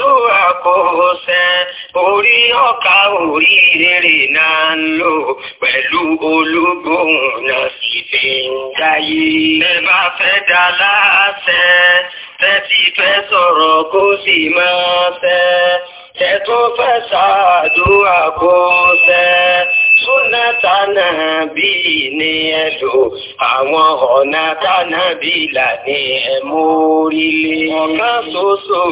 tó àkọsẹ́ orí ọ̀ka orí rere náà ń lò pẹ̀lú olúgbòhùn náà sì fi ń dáyé. ẹ bá fẹ́ dá láàṣẹ tẹ́tí fẹ́ sọ̀rọ̀ kó sì máa fẹ́ tẹ́tún fẹ́ ṣàdúrà kó fẹ́ ọ̀nà tánà bí ní ẹ̀lò àwọn ọ̀nà tánà bí là ní ẹ̀mú orílẹ̀. ọ̀kan ṣoṣo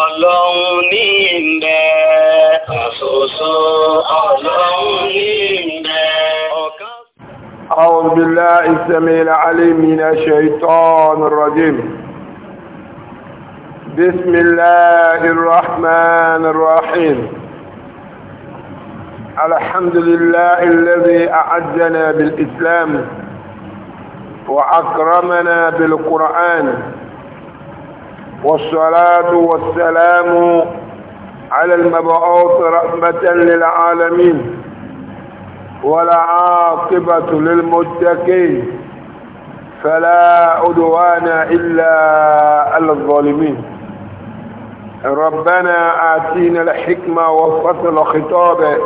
ọlọ́run ní ìbẹ̀. ọ̀kan ṣoṣo ọlọ́run ní ìbẹ̀. أعوذ بالله السميع العليم من الشيطان الرجيم بسم الله الرحمن الرحيم الحمد لله الذي أعزنا بالإسلام وأكرمنا بالقرآن والصلاة والسلام على المبعوث رحمة للعالمين والعاقبة للمتقين فلا عدوان إلا على الظالمين ربنا آتينا الحكمة وفصل خطابه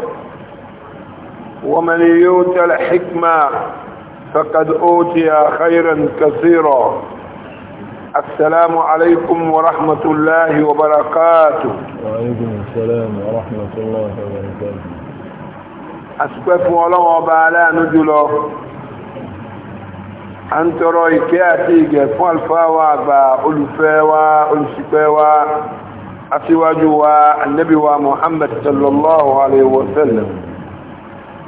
ومن يوت الحكمة فقد أوتي خيرا كثيرا السلام عليكم ورحمة الله وبركاته وعليكم السلام ورحمة الله وبركاته أسكف ولو وبعلا نجله أنت رأي tọrọ ìkẹ́ àti ìgẹ̀ fún àlùfáà wa àgbà olùfẹ́ wa olùṣìpẹ̀ wa aṣíwájú wa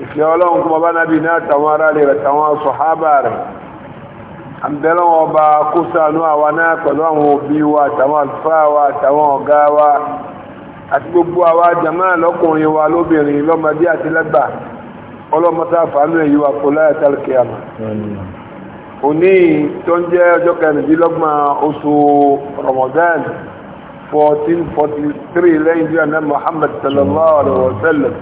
ìfẹ́ ọlọ́run kọmọ bá nábi ní àtàwọn ará lè rẹ̀ tàwọn sọ̀hábà rẹ̀ àbẹ̀lọ́ wọn bá kó sànú àwa náà pẹ̀lú àwọn òbí wa àtàwọn àlùfáà wa àtàwọn ọ̀gá wa àti gbogbo àwa jàmá lọ́kùnrin wa lóbìnrin lọ́mọdé àti lẹ́gbà ọlọ́mọta 1443 lẹ́yìn díẹ̀ náà Muhammad sallallahu alaihi wa sallam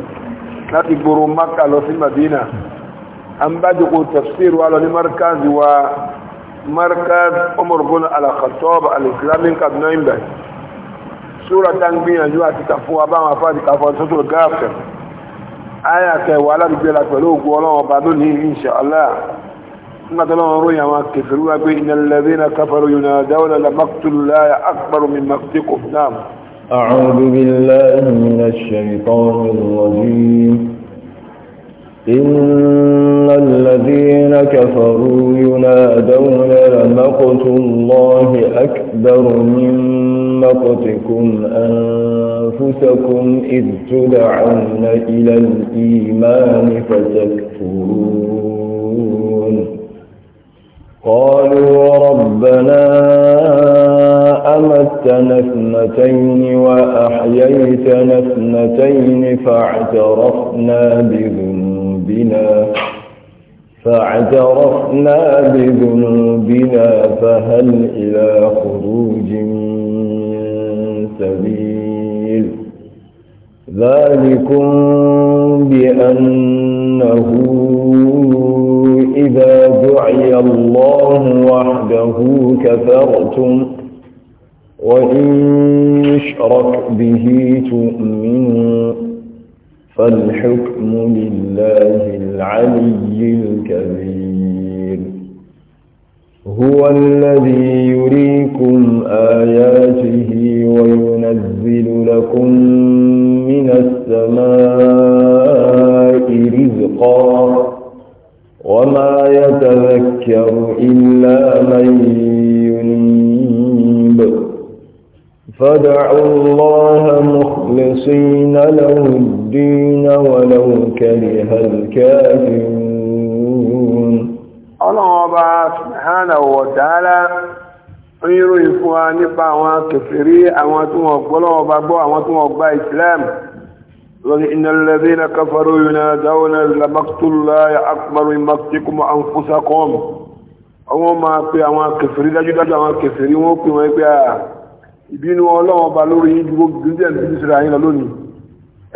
láti gbòrò maka lọ sí madina an bá jẹ́ kó tafsir wa lọ ní markaz wa markaz umar bin al-khattab al-islamic kaduna imba sura ta ń gbìyànjú àti kàfún wa báwọn afáàdì kàfún sọ́tọ̀ gáàfẹ́ aya kẹwàá aládùgbé la pẹ̀lú ògùn ọlọ́wọ́ bá lónìí inṣàlá nígbà tó lọ́wọ́ ròyìn àwọn kẹfẹ́rú أعوذ بالله من الشيطان الرجيم إن الذين كفروا ينادون لمقت الله أكبر من مقتكم أنفسكم إذ تدعون إلى الإيمان فتكفرون قالوا ربنا أمتنا اثنتين وأحييتنا اثنتين فاعترفنا بذنوبنا فاعترفنا بذنوبنا فهل إلى خروج من سبيل ذلكم بأنه إذا دعي الله وحده كفرتم وإن يشرك به تؤمنوا فالحكم لله العلي الكبير هو الذي يريكم آياته وينزل لكم من السماء رزقا وما يتذكر إلا من فادعوا الله مخلصين له الدين ولو كره الكافرون الله سبحانه وتعالى ríro ìfún wa nípa àwọn kèfèrí àwọn tí wọ́n gbọ́ lọ́wọ́ bá gbọ́ àwọn tí wọ́n gba islam lórí ìnàlẹ́bí na káfàró yìí dáwọ́ na lamaktulla ya akbaru imaktikum anfusakum àwọn máa pe àwọn kèfèrí dájúdájú àwọn kèfèrí wọ́n pè wọ́n pé à ah, ìbínú ọlọ́run ọba lórí yín gbogbo gbígbẹ́ ìbínú síra yín lọ lónìí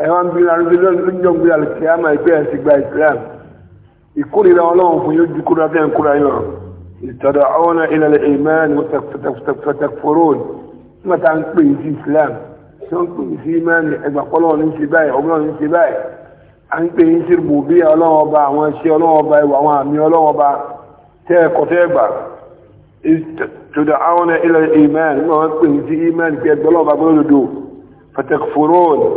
ẹ wá ń bínú arúgbó lójó ń gbé àlùkè àmà ìgbẹ́ ẹ̀sìn gba Islam ìkórìíra ọlọ́run fún yóò ju kóra tẹ́ ń kóra yín lọ ìtọ́dọ̀ àwọn ilẹ̀ ìmán fẹtẹkfọrọ́ọ̀n nígbà tá à ń pè yín sí Islam tí wọ́n ń pè yín sí ìmán ẹgbà pọ́lọ́run ní ṣe báyìí ọgbọ́n ní ṣe báyìí à ń pè yín sí bòbí ọlọ́run ọba àwọn iṣẹ́ ọlọ́run ọba ìwà àwọn àmì ọlọ́run ọba tẹ́ ẹ̀kọ́ tẹ́ ẹ̀gbà تدعون إلى الإيمان وهم في إيمان في الدلوب أقول فتكفرون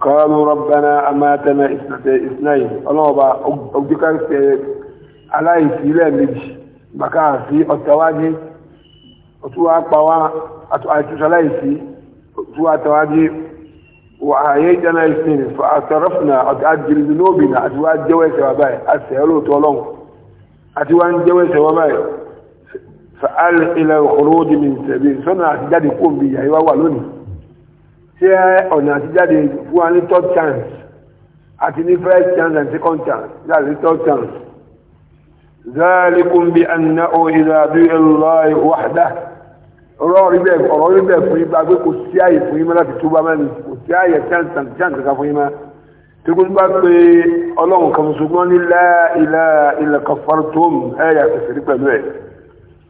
قالوا ربنا أماتنا إثنين الله أبدك على إسلام بيش بكا في التواجه أتوا أقوى أتوا سلايسي أتوا التواجه وعيدنا إثنين فأعترفنا أتأجل ذنوبنا أتوا أتجوى سوابايا أسهلوا طولهم أتوا أتجوى سوابايا fa'al ila khuruj min sabil sọ́nà àti jáde kó bí ìyà ìwá wà lónìí ṣé ọ̀nà àti jáde fún wa ní third chance àti ní first chance and second chance láti third chance zalikum bi annahu idha du'a Allah ọ̀rọ̀ rí fún ibà pé kò sí àyè fún yín láti túbọ̀ mẹ́rin kò sí àyè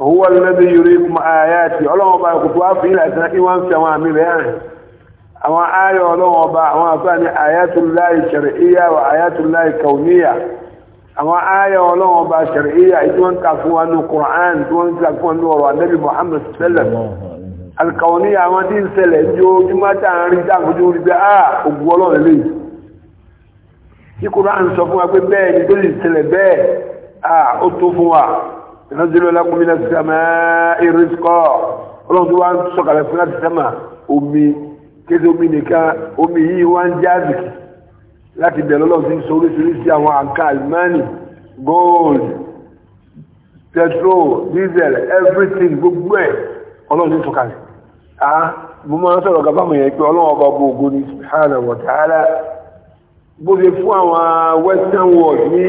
هو الذي يريكم آياتي ọlọ́wọ́ ọba kò tó ba fi ilẹ̀ ìtàn kí wọ́n ń fi àwọn àmì rẹ̀ hàn àwọn ayọ̀ ọlọ́wọ́ ọba àwọn àfáà ní ayatullahi shar'iyya wa ayatullahi kauniyya àwọn ayọ̀ ọlọ́wọ́ ọba shar'iyya tí ba ń kà fún wa ní Qur'an wa ní Qur'an نزل لكم من السماء رزقا ọlọ́run tó wá ń sọ̀kalẹ̀ fún láti sẹ́mà omi kéde omi nìkan omi yìí wá ń jáàzì láti bẹ̀rẹ̀ ọlọ́run ti ń sọ oríṣiríṣi àwọn àǹkà alimani gold petrol diesel everything gbogbo ẹ̀ ọlọ́run ti sọ̀kalẹ̀ ah mo máa ń sọ̀rọ̀ gàbá mi yẹn pé ọlọ́run ọba ọba ògo ni subhanahu wa ta'ala bó ṣe fún àwọn western world ní.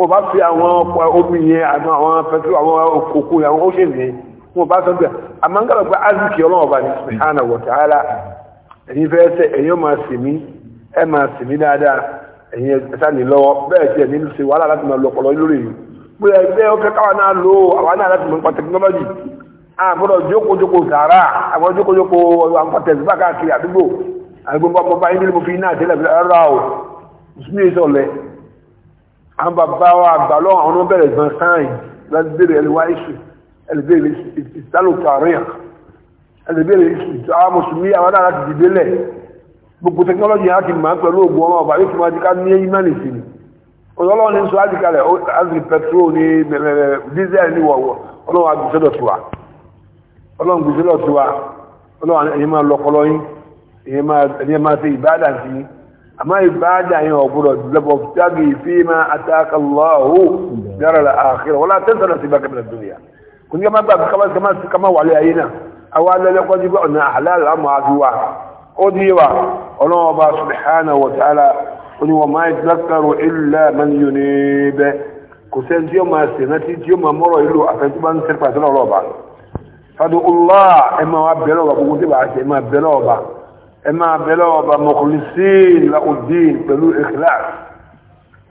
wọ́n bá fi àwọn omi yẹn àwọn àwọn pẹ̀tù àwọn òkú àwọn ocean yẹn wọ́n bá sọ pé àmọ́ngàlọ́ pé azikì ọlọ́wọ́ bá ní subhana wa ta'ala ẹ̀yin fẹ́ sẹ́ ẹ̀yin máa sì mí ẹ̀ máa sì mí dáadáa ẹ̀yin ẹ̀sà ní lọ́wọ́ bẹ́ẹ̀ tiẹ̀ ní ṣe wàhálà láti máa lọ ọpọlọ lórí yìí pé ẹgbẹ́ ọkẹ́ káwa náà lò àwa náà láti máa pa tẹkinọ́lọ́jì àbúrò jókòjókò sàárà àwọn jókòjókò àwọn tẹ̀síbà káàkiri àdúgbò àgbẹ̀bọ̀ bàbá yín nílùú fi iná àtẹ́lẹ̀ àwọn bàbá wa àgbà lọ́wọ́ àwọn ọmọ bẹ̀rẹ̀ gan sáyìn láti bèrè ẹlẹ́wà ìṣù ẹlẹ́bẹ̀rẹ̀ ìsálòkè àríyàn ẹlẹ́bẹ̀rẹ̀ ìṣù àwọn mùsùlùmí àwọn náà láti dìde lẹ̀ gbogbo tẹkinọ́lọ́jì yẹn á ti máa pẹ̀lú ògùn ọmọ ọba yóò fi máa di ká ní ìmánì sí ni ọlọ́run ní sọ àdìkalẹ̀ azri petrol ní bẹ̀rẹ̀ diesel ní wọ̀wọ̀ ọlọ́run agbèsọ́dọ̀ tiwa ọlọ́run gbèsọ́dọ̀ tiwa máa lọ́kọlọ́yìn ẹ̀yẹ máa ṣe ìbádà sí i أما إبادة هي أبورة لبتغي فيما أتاك الله دار الآخرة ولا تنسى نصيبك من الدنيا كنت كما بقى كما كما كما وعلي أينا أولا لقد يقول أن أحلال أما عدوا أديوا الله سبحانه وتعالى قل وما يتذكر إلا من ينيب كسين جيوما سنتي جيوما مرو إلو أفنتبان سرفة سنة الله فادو الله إما أبلغ وقلت بأسي إما أبلغ ẹ máa bẹ̀lẹ̀ ọba mukhlisin la'uddin pẹ̀lú ikhlas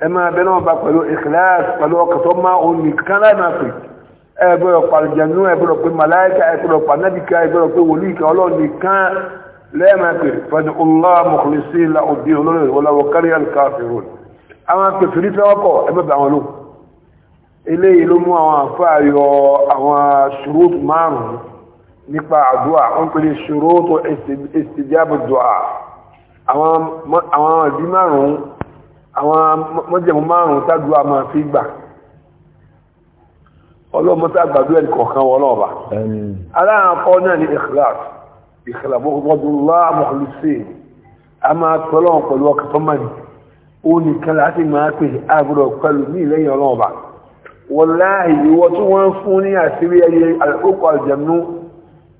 ẹ máa bẹ̀lẹ̀ ọba pẹ̀lú ikhlas pẹ̀lú ọkàtọ́ máa ò nìkan láì máa pè ẹ gbọ́dọ̀ pàlùjẹ̀nú ẹ gbọ́dọ̀ pé màláìka ẹ gbọ́dọ̀ pànẹ́bìkà ẹ gbọ́dọ̀ pé wòlíìkà ọlọ́run nìkan lẹ́ẹ̀mà pè fẹ́ni ọlọ́ mukhlisin la'uddin olórin ìwọlọ́wọ́ kárí al-kafirun àwọn pèsìrí fẹ́ wọ́pọ̀ ẹ bẹ̀bẹ̀ àwọn lóhùn eléyìí ló mú àwọn àfáà yọ àwọn ṣùrùt márùn-ún nípa àdúà wọ́n pè ní ṣòrótò ìsìdíàbò dùà àwọn ìdí márùn-ún àwọn mọ́jẹ̀mú márùn-ún tàdúà máa fi gbà ọlọ́mọ́ta gbàdú ẹni kọ̀ọ̀kan wọ́n lọ́ọ̀bà aláàkọ́ náà ní ikhlas ikhlas bọ́dúnlá mọ̀lúsí a máa tọ́lọ́ pẹ̀lú ọkà tó mọ̀ ó nìkan láti máa pè àgbọ̀dọ̀ pẹ̀lú ní ìlẹ́yìn ọlọ́ọ̀bà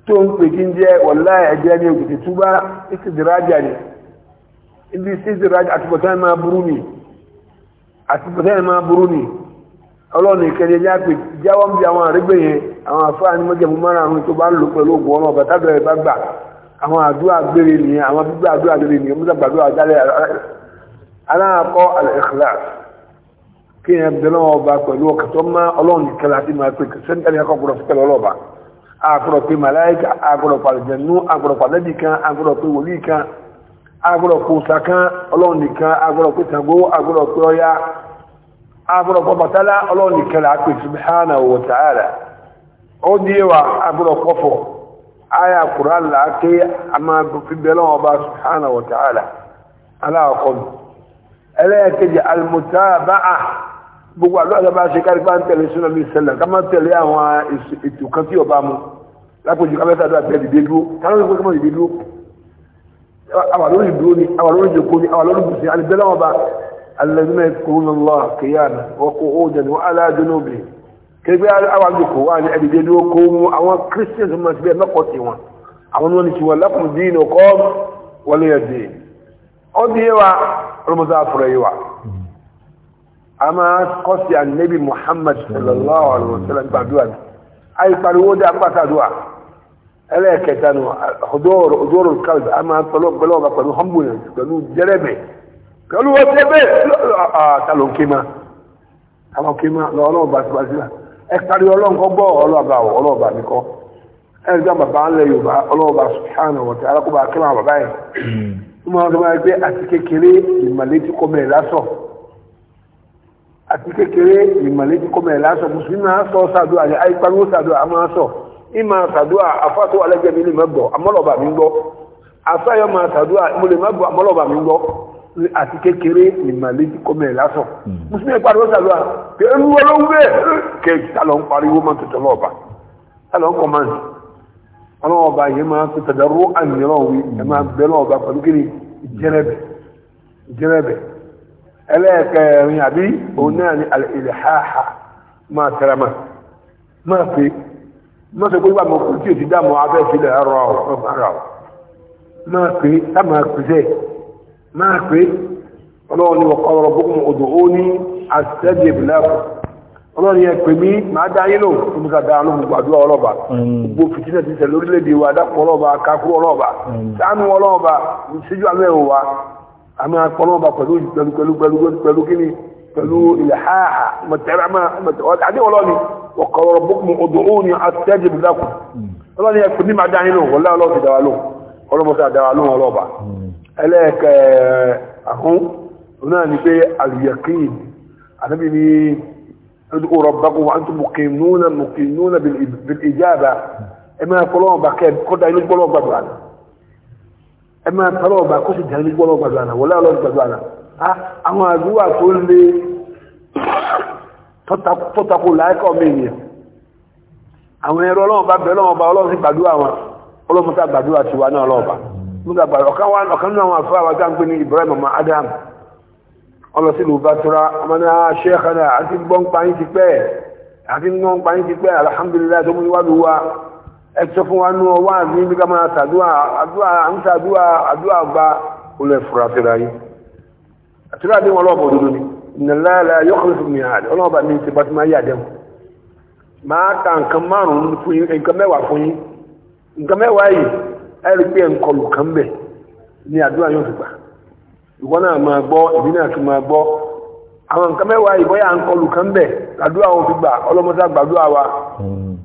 tó ń pè kí ń jẹ́ wàláhì ẹ̀jẹ̀ ní òkùtì túbá ìsìdìrájà ni ibi ìsìdìrájà àtúbọ̀tán máa burú ni àtúbọ̀tán máa burú ni ọlọ́run ìkẹni ẹjá pè jáwọ́ ń bí àwọn àrígbẹ̀ yẹn àwọn àfáà ní mọ́jẹ̀mú mọ́ra àwọn tó bá ń lò pẹ̀lú ògùn ọmọ ọ̀bà tábìlẹ̀ rẹ̀ bá gbà àwọn àdúrà gbére nìyẹn àwọn gbígbà àdúrà gbére nìyẹn mú sàgbàdúrà dálẹ̀ aláàkọ́ al-ikhlas kí agbọ́dọ̀ pé màláíkà aljannu pàlẹ̀jẹ̀nú agbọ́dọ̀ pàlẹ́bì kan agbọ́dọ̀ pé wòlí kan agbọ́dọ̀ kan nìkan Ọya agbọ́dọ̀ pé Ọbàtálá ọlọrun nìkan la á pè wa ta'ala ó di ewa agbọ́dọ̀ aya Qur'an la á a máa fi bẹ̀rẹ̀ wọn bá subhanahu wa ta'ala gbogbo àlọ́ọ̀dá bá ṣe kárí bá ń tẹ̀lé súnà mi sẹ́lẹ̀ ká máa tẹ̀lé àwọn ètò kan tí ọba mu lápòjù ká mẹ́ta àdúrà bẹ́ẹ̀ dìde dúró ká lóyún kókó dìde dúró àwà lórí dúró ni àwà lórí jòkó ni àwà lórí bùsùn àti bẹ́ẹ̀ lọ́wọ́ bá alẹ́dúnmẹ́ kúrú ní lọ́wọ́ kéyàna ọkọ̀ òòjà ni wọ́n aláàdúnú bì kégbé àwà jòkó wà ní ẹ̀dìdé dúró kó mu àwọn christians mọ̀ síbẹ̀ lọ́kọ̀ sí wọn àwọn wọn ti wọn lápò dín ní ọkọ̀ wọlé ẹ̀dín ọdún yẹn wa ọlọ́mọdé àfọ̀rọ̀ yẹn wa àmà kọ́sí ànábì muhammad sallallahu alayhi wa sallam gbàdúrà ní àìpariwo dé àgbàtàdúrà ẹlẹ́ẹ̀kẹta nù ọdọ́rọ̀ ọdọ́rọ̀ kalb àmà tọ́lọ́gbọ́lọ́gbà pẹ̀lú humbleness pẹ̀lú jẹ́rẹ̀bẹ̀ pẹ̀lú ọ̀tẹ́bẹ̀ àtàlọ́ kéma àwọn kéma lọ́wọ́ ọlọ́nkọ́ gbọ́ bàbá ńlẹ̀ yorùbá àti kékeré ìmọ̀lẹ́jì kọ́mẹ̀ lásọ mùsùlùmí máa sọ sàdúà ní àìparó sàdúà a máa sọ ìmọ̀ sàdúà afáàtò alẹ́jẹ̀mí lè mọ́gbọ̀ amọ́lọ̀bà mi gbọ́ afáyọ́ máa sàdúà mo lè mọ́gbọ̀ amọ́lọ̀bà mi gbọ́ àti kékeré ìmọ̀lẹ́jì kọ́mẹ̀ lásọ mùsùlùmí pariwo sàdúà kẹrù ọlọ́wẹ́ kẹ talọ̀ ń pariwo máa tètè lọ́ọ̀bà talọ̀ ń kọ́mọ̀n ọlọ́ọ̀bà yẹn máa tètè dàrú àmì ẹlẹ́ẹ̀kẹrin àbí òun náà ni alìlẹ̀háhà máa tẹ́ramà máa fi máa fi gbogbo wà mọ̀ kú tí èsì dámọ̀ abẹ́ ìfilẹ̀ ẹ̀rọ ọ̀rọ̀ máa ọlọ́run ní yẹn pè mí máa dá lò tó ọlọ́ba gbogbo ti ọlọ́ba kakú ọlọ́ba sánú ọlọ́ba اما القلوب فدوج قالوا قالوا قالوا قالوا كني ادعوني استجب لكم والله يا كني ما داني له والله لو تدعوا له قالوا ما هنا ني اليقين انا بني ادعوا ربكم وانتم مقيمون مقيمون بالاجابه اما القلوب كان قد قالوا ẹ máa tọrọ ọba kó sì jẹ́ nígbọ́ ọlọ́gbàdúrà náà wọlé ọlọ́gbàdúrà náà àwọn àdúrà tó lé tọ́takò láìkọ́ mi ènìyàn àwọn ẹ̀rọ ọlọ́run bá bẹ̀rẹ̀ ọlọ́run ọba ọlọ́run sì gbàdúrà wọn ọlọ́run tá gbàdúrà tiwa náà ọlọ́ọ̀ba nígbà gbàdúrà ọ̀kan wá àwọn àfẹ́ àwọn táwọn ní Ibrahim ọmọ Adam ọlọ́sí ló tura ọmọ náà ẹ̀tọ́ fún wa nú ọwọ́ àmì bí ká máa sàdúà àdúà ń sàdúà àdúà gba olè fura síra yìí àtúrà dé wọn lọ́ọ̀bọ̀ dúdú ni ìnàlára yọkùnrin fún mi àdé ọlọ́ọ̀bà mi ti bá ti máa yí àdé wọn máa ka nǹkan márùn-ún fún yín nǹkan mẹ́wàá fún yín nǹkan mẹ́wàá yìí ẹ̀rí pé nkọlù kan bẹ̀ ní àdúrà yóò fi gbà ìwọ náà máa gbọ́ ìbí náà tún máa gbọ́ àwọn nǹkan mẹ́wàá yìí bọ́yà nkọlù kan bẹ̀ wa hmm.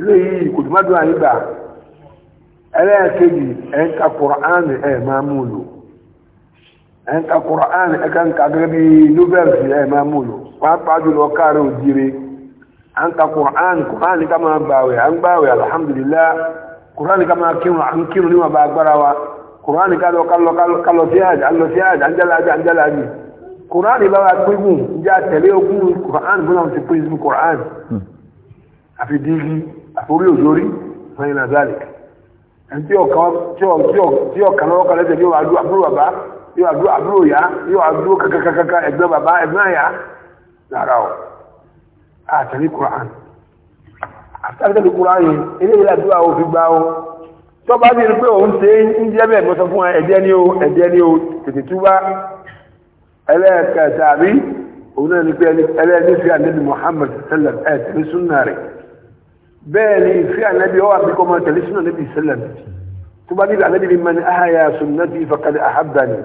eléyìí kò dùn mọ́tò àyígbà ẹlẹ́ẹ̀kejì ẹ̀ ń ka kùránì ẹ̀ máa mú lò ẹ̀ ń ka kùránì ẹ̀ kàn ká gẹ́gẹ́ bí nobẹ́lì ẹ̀ máa mú lò pàápàá jùlọ káàró òjire à ń ka kùránì kùránì ká máa gbàwẹ̀ à ń gbàwẹ̀ alhamdulillah kùránì ká máa kírun à ń kírun níwọ̀n bá agbára wa kùránì ká lọ ká lọ sí àjà lọ sí àjà ń jálá àjà ń jálá àjà kùránì bá wa pínpín ń já tẹ̀lé ogún kùránì bí wọ́n ti pín orí òjòrí sanyìn nazari ẹni tí ọ̀kan lọ́wọ́ kan lẹ́sẹ̀ yóò adú àbúrò bàbá yóò adú àbúrò yá yóò adú kàkàkàkà ẹgbẹ́ bàbá ẹgbẹ́ àyà lára ọ̀ àtàrí Qur'an àtàrí Qur'an yìí ilé ìlà àdúrà ó fi gbá ó tó bá ní pé òun ṣe ń jẹ́ bẹ́ẹ̀ mọ́sán fún ẹ̀jẹ́ ní o bẹ́ẹ̀ ni ìfẹ́ ànábì ọwọ́ àbíkọ́ máa tẹ̀lé sínú ànábì sẹ́lẹ̀m tó bá nílò ànábì man ahaya sunnati faqad ahabbani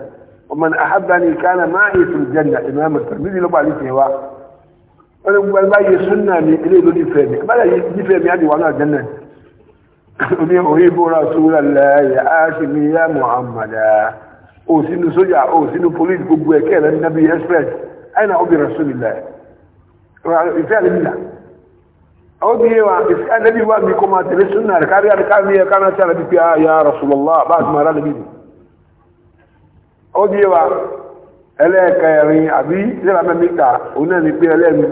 wa man ahabbani kana ma'i fil janna imam at-tirmidhi lọ́pàá ní tẹ̀wá wọ́n ní gbogbo ẹgbẹ́ yìí sunna mi ilé ìlú nífẹ̀ẹ́ mi ẹgbẹ́ yìí nífẹ̀ẹ́ mi á di wà náà jẹ́nà omi òhìbó rasulallah ya aṣèmi ya muhammada òsínú sójà òsínú polisi gbogbo ẹ̀kẹ́ rẹ̀ níbi express aina àwọn bí wa ẹnẹ́bí wà ní kó máa tẹ̀lé súnà rẹ̀ kárí àríká ní ẹ̀ká náà tí a rẹ̀ pípẹ́ ya Rasulullah bá ti mara lẹ́bí àwọn bí wa ẹlẹ́ẹ̀kẹrin àbí ìlera mẹ́míkà oná ní pé ẹlẹ́mi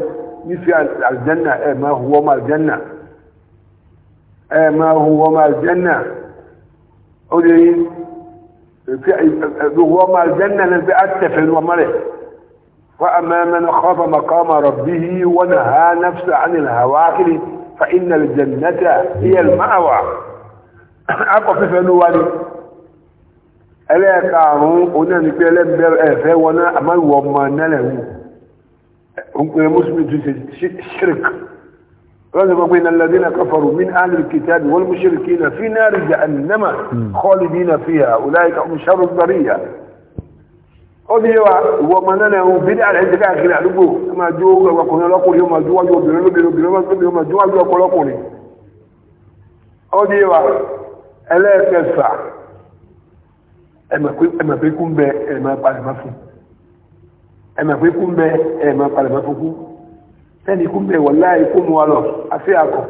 nífẹ́ aljanna ẹ̀ máa huwọ́ máa aljanna ẹ̀ máa huwọ́ máa aljanna ó lè huwọ́ máa aljanna lẹ́gbẹ́ àtẹ̀fẹ́ ní ọmọ rẹ̀ واما من خاف مقام ربه ونهى نفسه عن الهواكل فان الجنه هي الماوى اكو في فنو وادي اليك هون ان في لبل اف وانا ما هو من له ممكن مسلم تشرك رغم بين الذين كفروا من اهل الكتاب والمشركين في نار جهنم خالدين فيها اولئك هم شر البريه ó ní wa ìwọ ọmọ náà ẹ̀hún bí dáa ẹ̀jẹ̀ káàkiri àdúgbò ẹ máa jó ọkùnrin ọlọ́kùnrin ó máa jó wájú obìnrin lóbìnrin obìnrin ó máa jó wájú ọkọ ọlọ́kùnrin ó ní wa ẹlẹ́ẹ̀kẹfà ẹ̀mà pé kú ń bẹ ẹ̀mà palẹ̀mọ́ fún ẹ̀mà pé bẹ ẹ̀mà palẹ̀mọ́ fún kú sẹ́ni kú ń bẹ wọ̀láì mu wa àfẹ́ àkọ́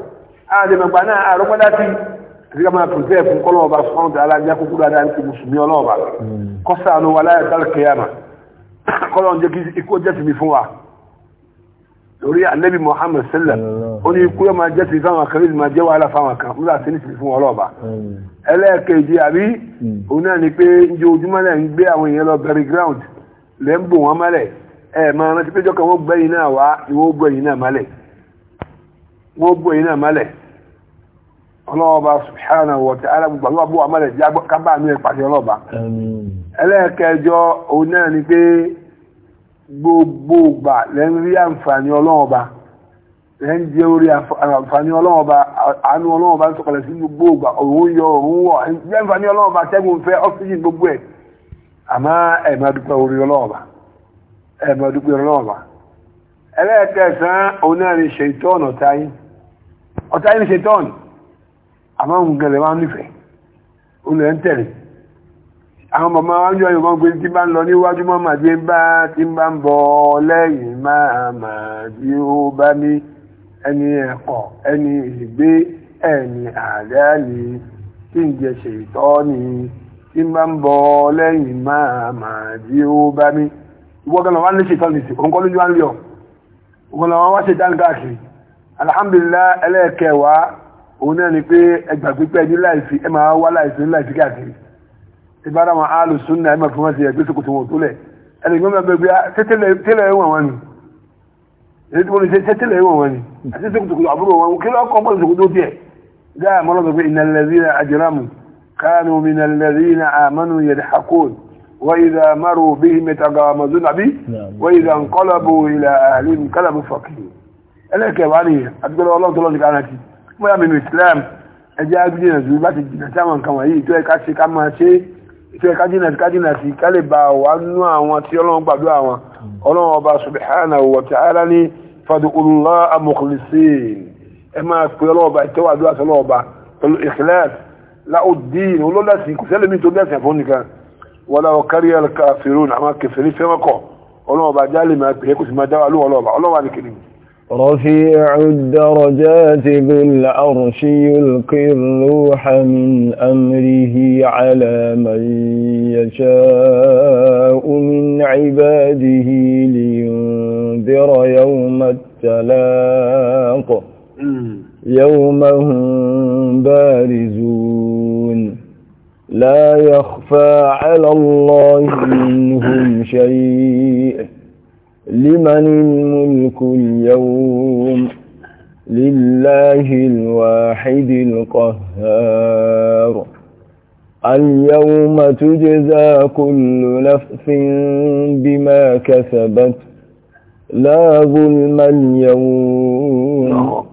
sika maa preserve nkɔlɔba sɔn ta ala ɲɛ kúkú dáadáa nkì musulmi ɔlɔba kɔsa anu wala yɛ tali kéyama kɔlɔn jɛ k'i ko jɛtimi fún wa lórí anabi muhammed sallam ó ní kúyɔ máa jɛtimi fún wa kàrí ma jɛ wàhálà fún wa kan n bɛ sini sigi fún ɔlɔba ɛlɛɛkejì mm. àbí mm. òun náà ni pé njɛ ojúmọ́ náà ń gbé àwọn èèyàn lọ bẹ̀rẹ̀ ground lẹ́ ń bò wọ́n mọ́lẹ̀ ẹ̀ máa rántí péjọ kan wọ́n gbẹ̀yìn náà wá ni wọ́n gbẹ̀yìn náà mọ́lẹ̀ wọ́n gbẹ̀yìn náà mọ́lẹ̀ ọlọ́ọ̀bá subhanahu wa ta'ala gbogbo àbúwà mọ́lẹ̀ jẹ́ kábà ní ìpàdé ọlọ́ọ̀bá ẹlẹ́ẹ̀kẹjọ òun náà ni pé gbogbo ìgbà lẹ́ńrí àǹfààní ọlọ́ọ̀bá lẹ́ńjẹ orí àǹfààní ọlọ́ọ̀bá àánú ọlọ́ọ̀bá ń sọ̀kalẹ̀ sí gbogbo ìgbà òun yọ òun wọ̀ jẹ́ àǹfààní ọlọ́ọ̀bá tẹ́gùn fẹ́ ọ́síjìn gbogbo ẹ̀ àmọ́ ẹ̀ máa dúpẹ́ orí ọlọ́ọ̀bá ẹ̀ máa dúpẹ́ ọlọ́ọ̀bá ẹlẹ́ẹ̀kẹsàn-án òun náà ni ṣètọ́ọ̀nù ọ̀tá yín ọ̀tá yín ni ṣètọ́ọ̀nù àmọ́ òun gẹ̀lẹ̀ wá nífẹ̀ẹ́ olè ń tẹ̀lé àwọn bàbá wa ń yọ ìwọ̀n pé tí bá ń lọ níwájú mọ́ màá tí ń bá tí ń bá ń bọ̀ lẹ́yìn máa màá tí ó bá ní ẹni ẹ̀kọ́ ẹni ìgbé ẹni àdáàlì tí ń jẹ ṣètọ́ ni tí ń bá ń bọ̀ lẹ́yìn máa màá tí ó bá ní ìwọ́gànà wá ní ṣètọ́ nìsí òǹkọ́ lójú wá alhamdulillah ẹlẹ́ẹ̀kẹwàá òun náà ni pé ẹgbà pípẹ́ ní láìsí ẹ máa wá láìsí ní láìsí káàkiri ìbára wọn áàlù súnà ẹ máa fi wọn ti ẹgbẹ́ sókòtò wọn tó lẹ̀ ẹni gbọ́n bẹ́ẹ̀ gbé tẹ́tẹ́lẹ̀ ah, ẹ̀wọ̀n wọn ni èyí tí wọ́n ní tẹ́tẹ́lẹ̀ ẹ̀wọ̀n wọn ni àti sókòtò àbúrò wọn kí lọ́kọ́ mọ́ sókòtò tiẹ̀ dáa mọ́ lọ́sọ̀ pé ìnàlẹ́zínà àjẹrámù kánú mìnàlẹ́zínà àmánú yadhakun وإذا مروا بهم يتغامزون به وإذا انقلبوا إلى أهلهم انقلبوا فقير. إليك يا بني أقدر والله تلوزك عنك bóyá mi nù Islam ẹjẹ́ agbẹ́jìnà sí bá ti jìnà sí àwọn nǹkan wọ̀nyí tó ẹ̀ka ṣe ká máa ṣe tó ẹ̀ka jìnà sí kájìnà sí ká lè bá wà nú àwọn tí ọlọ́run gbàdúrà wọn ọlọ́run ọba subhanahu wa ta'ala ní fad'ullaha mukhlisin ẹ máa pe ọlọ́run ọba ìtẹ́wà àdúrà sí ọlọ́run ọba pẹ̀lú ikhlas láòdìn olólẹ́sì kò sẹ́lẹ̀mí tó lẹ́sẹ̀ fún nìkan walau kariha al-kafirun àwọn kẹfẹ́rí fẹ́ràn kọ ọlọ́run ọba jálè máa pè é kò sì máa dáwà lóhùn ọlọ́run ọba ọlọ́run wà ní kìnìún رفيع الدرجات ذو العرش يلقي الروح من أمره على من يشاء من عباده لينذر يوم التلاق يوم هم بارزون لا يخفى على الله منهم شيء لمن الملك اليوم لله الواحد القهار اليوم تجزى كل نفس بما كسبت لا ظلم اليوم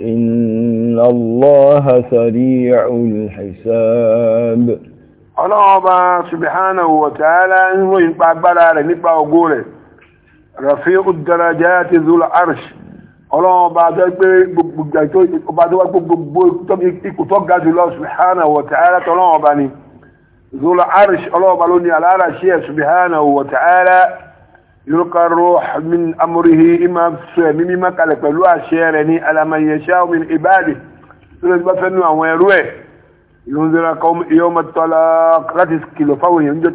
إن الله سريع الحساب الله سبحانه وتعالى ta'ala ń ròyìn pa rafi'u darajati zul arsh ọlọ́run ọba tó gbé gbogbo ọba tó wá gbogbo ikú tó ga jùlọ subhanahu wa ta'ala tọ́lọ́run ọba ni zul arsh ọlọ́run ọba ló ní alára ṣe ẹ̀ subhanahu wa ta'ala yulqa ruh min amrihi ìmá sọ ẹ̀mí mímọ́ kalẹ̀ pẹ̀lú àṣẹ rẹ̀ ní ala man yasha'u min ibadihi tó lè bá fẹ́ nu àwọn ẹrú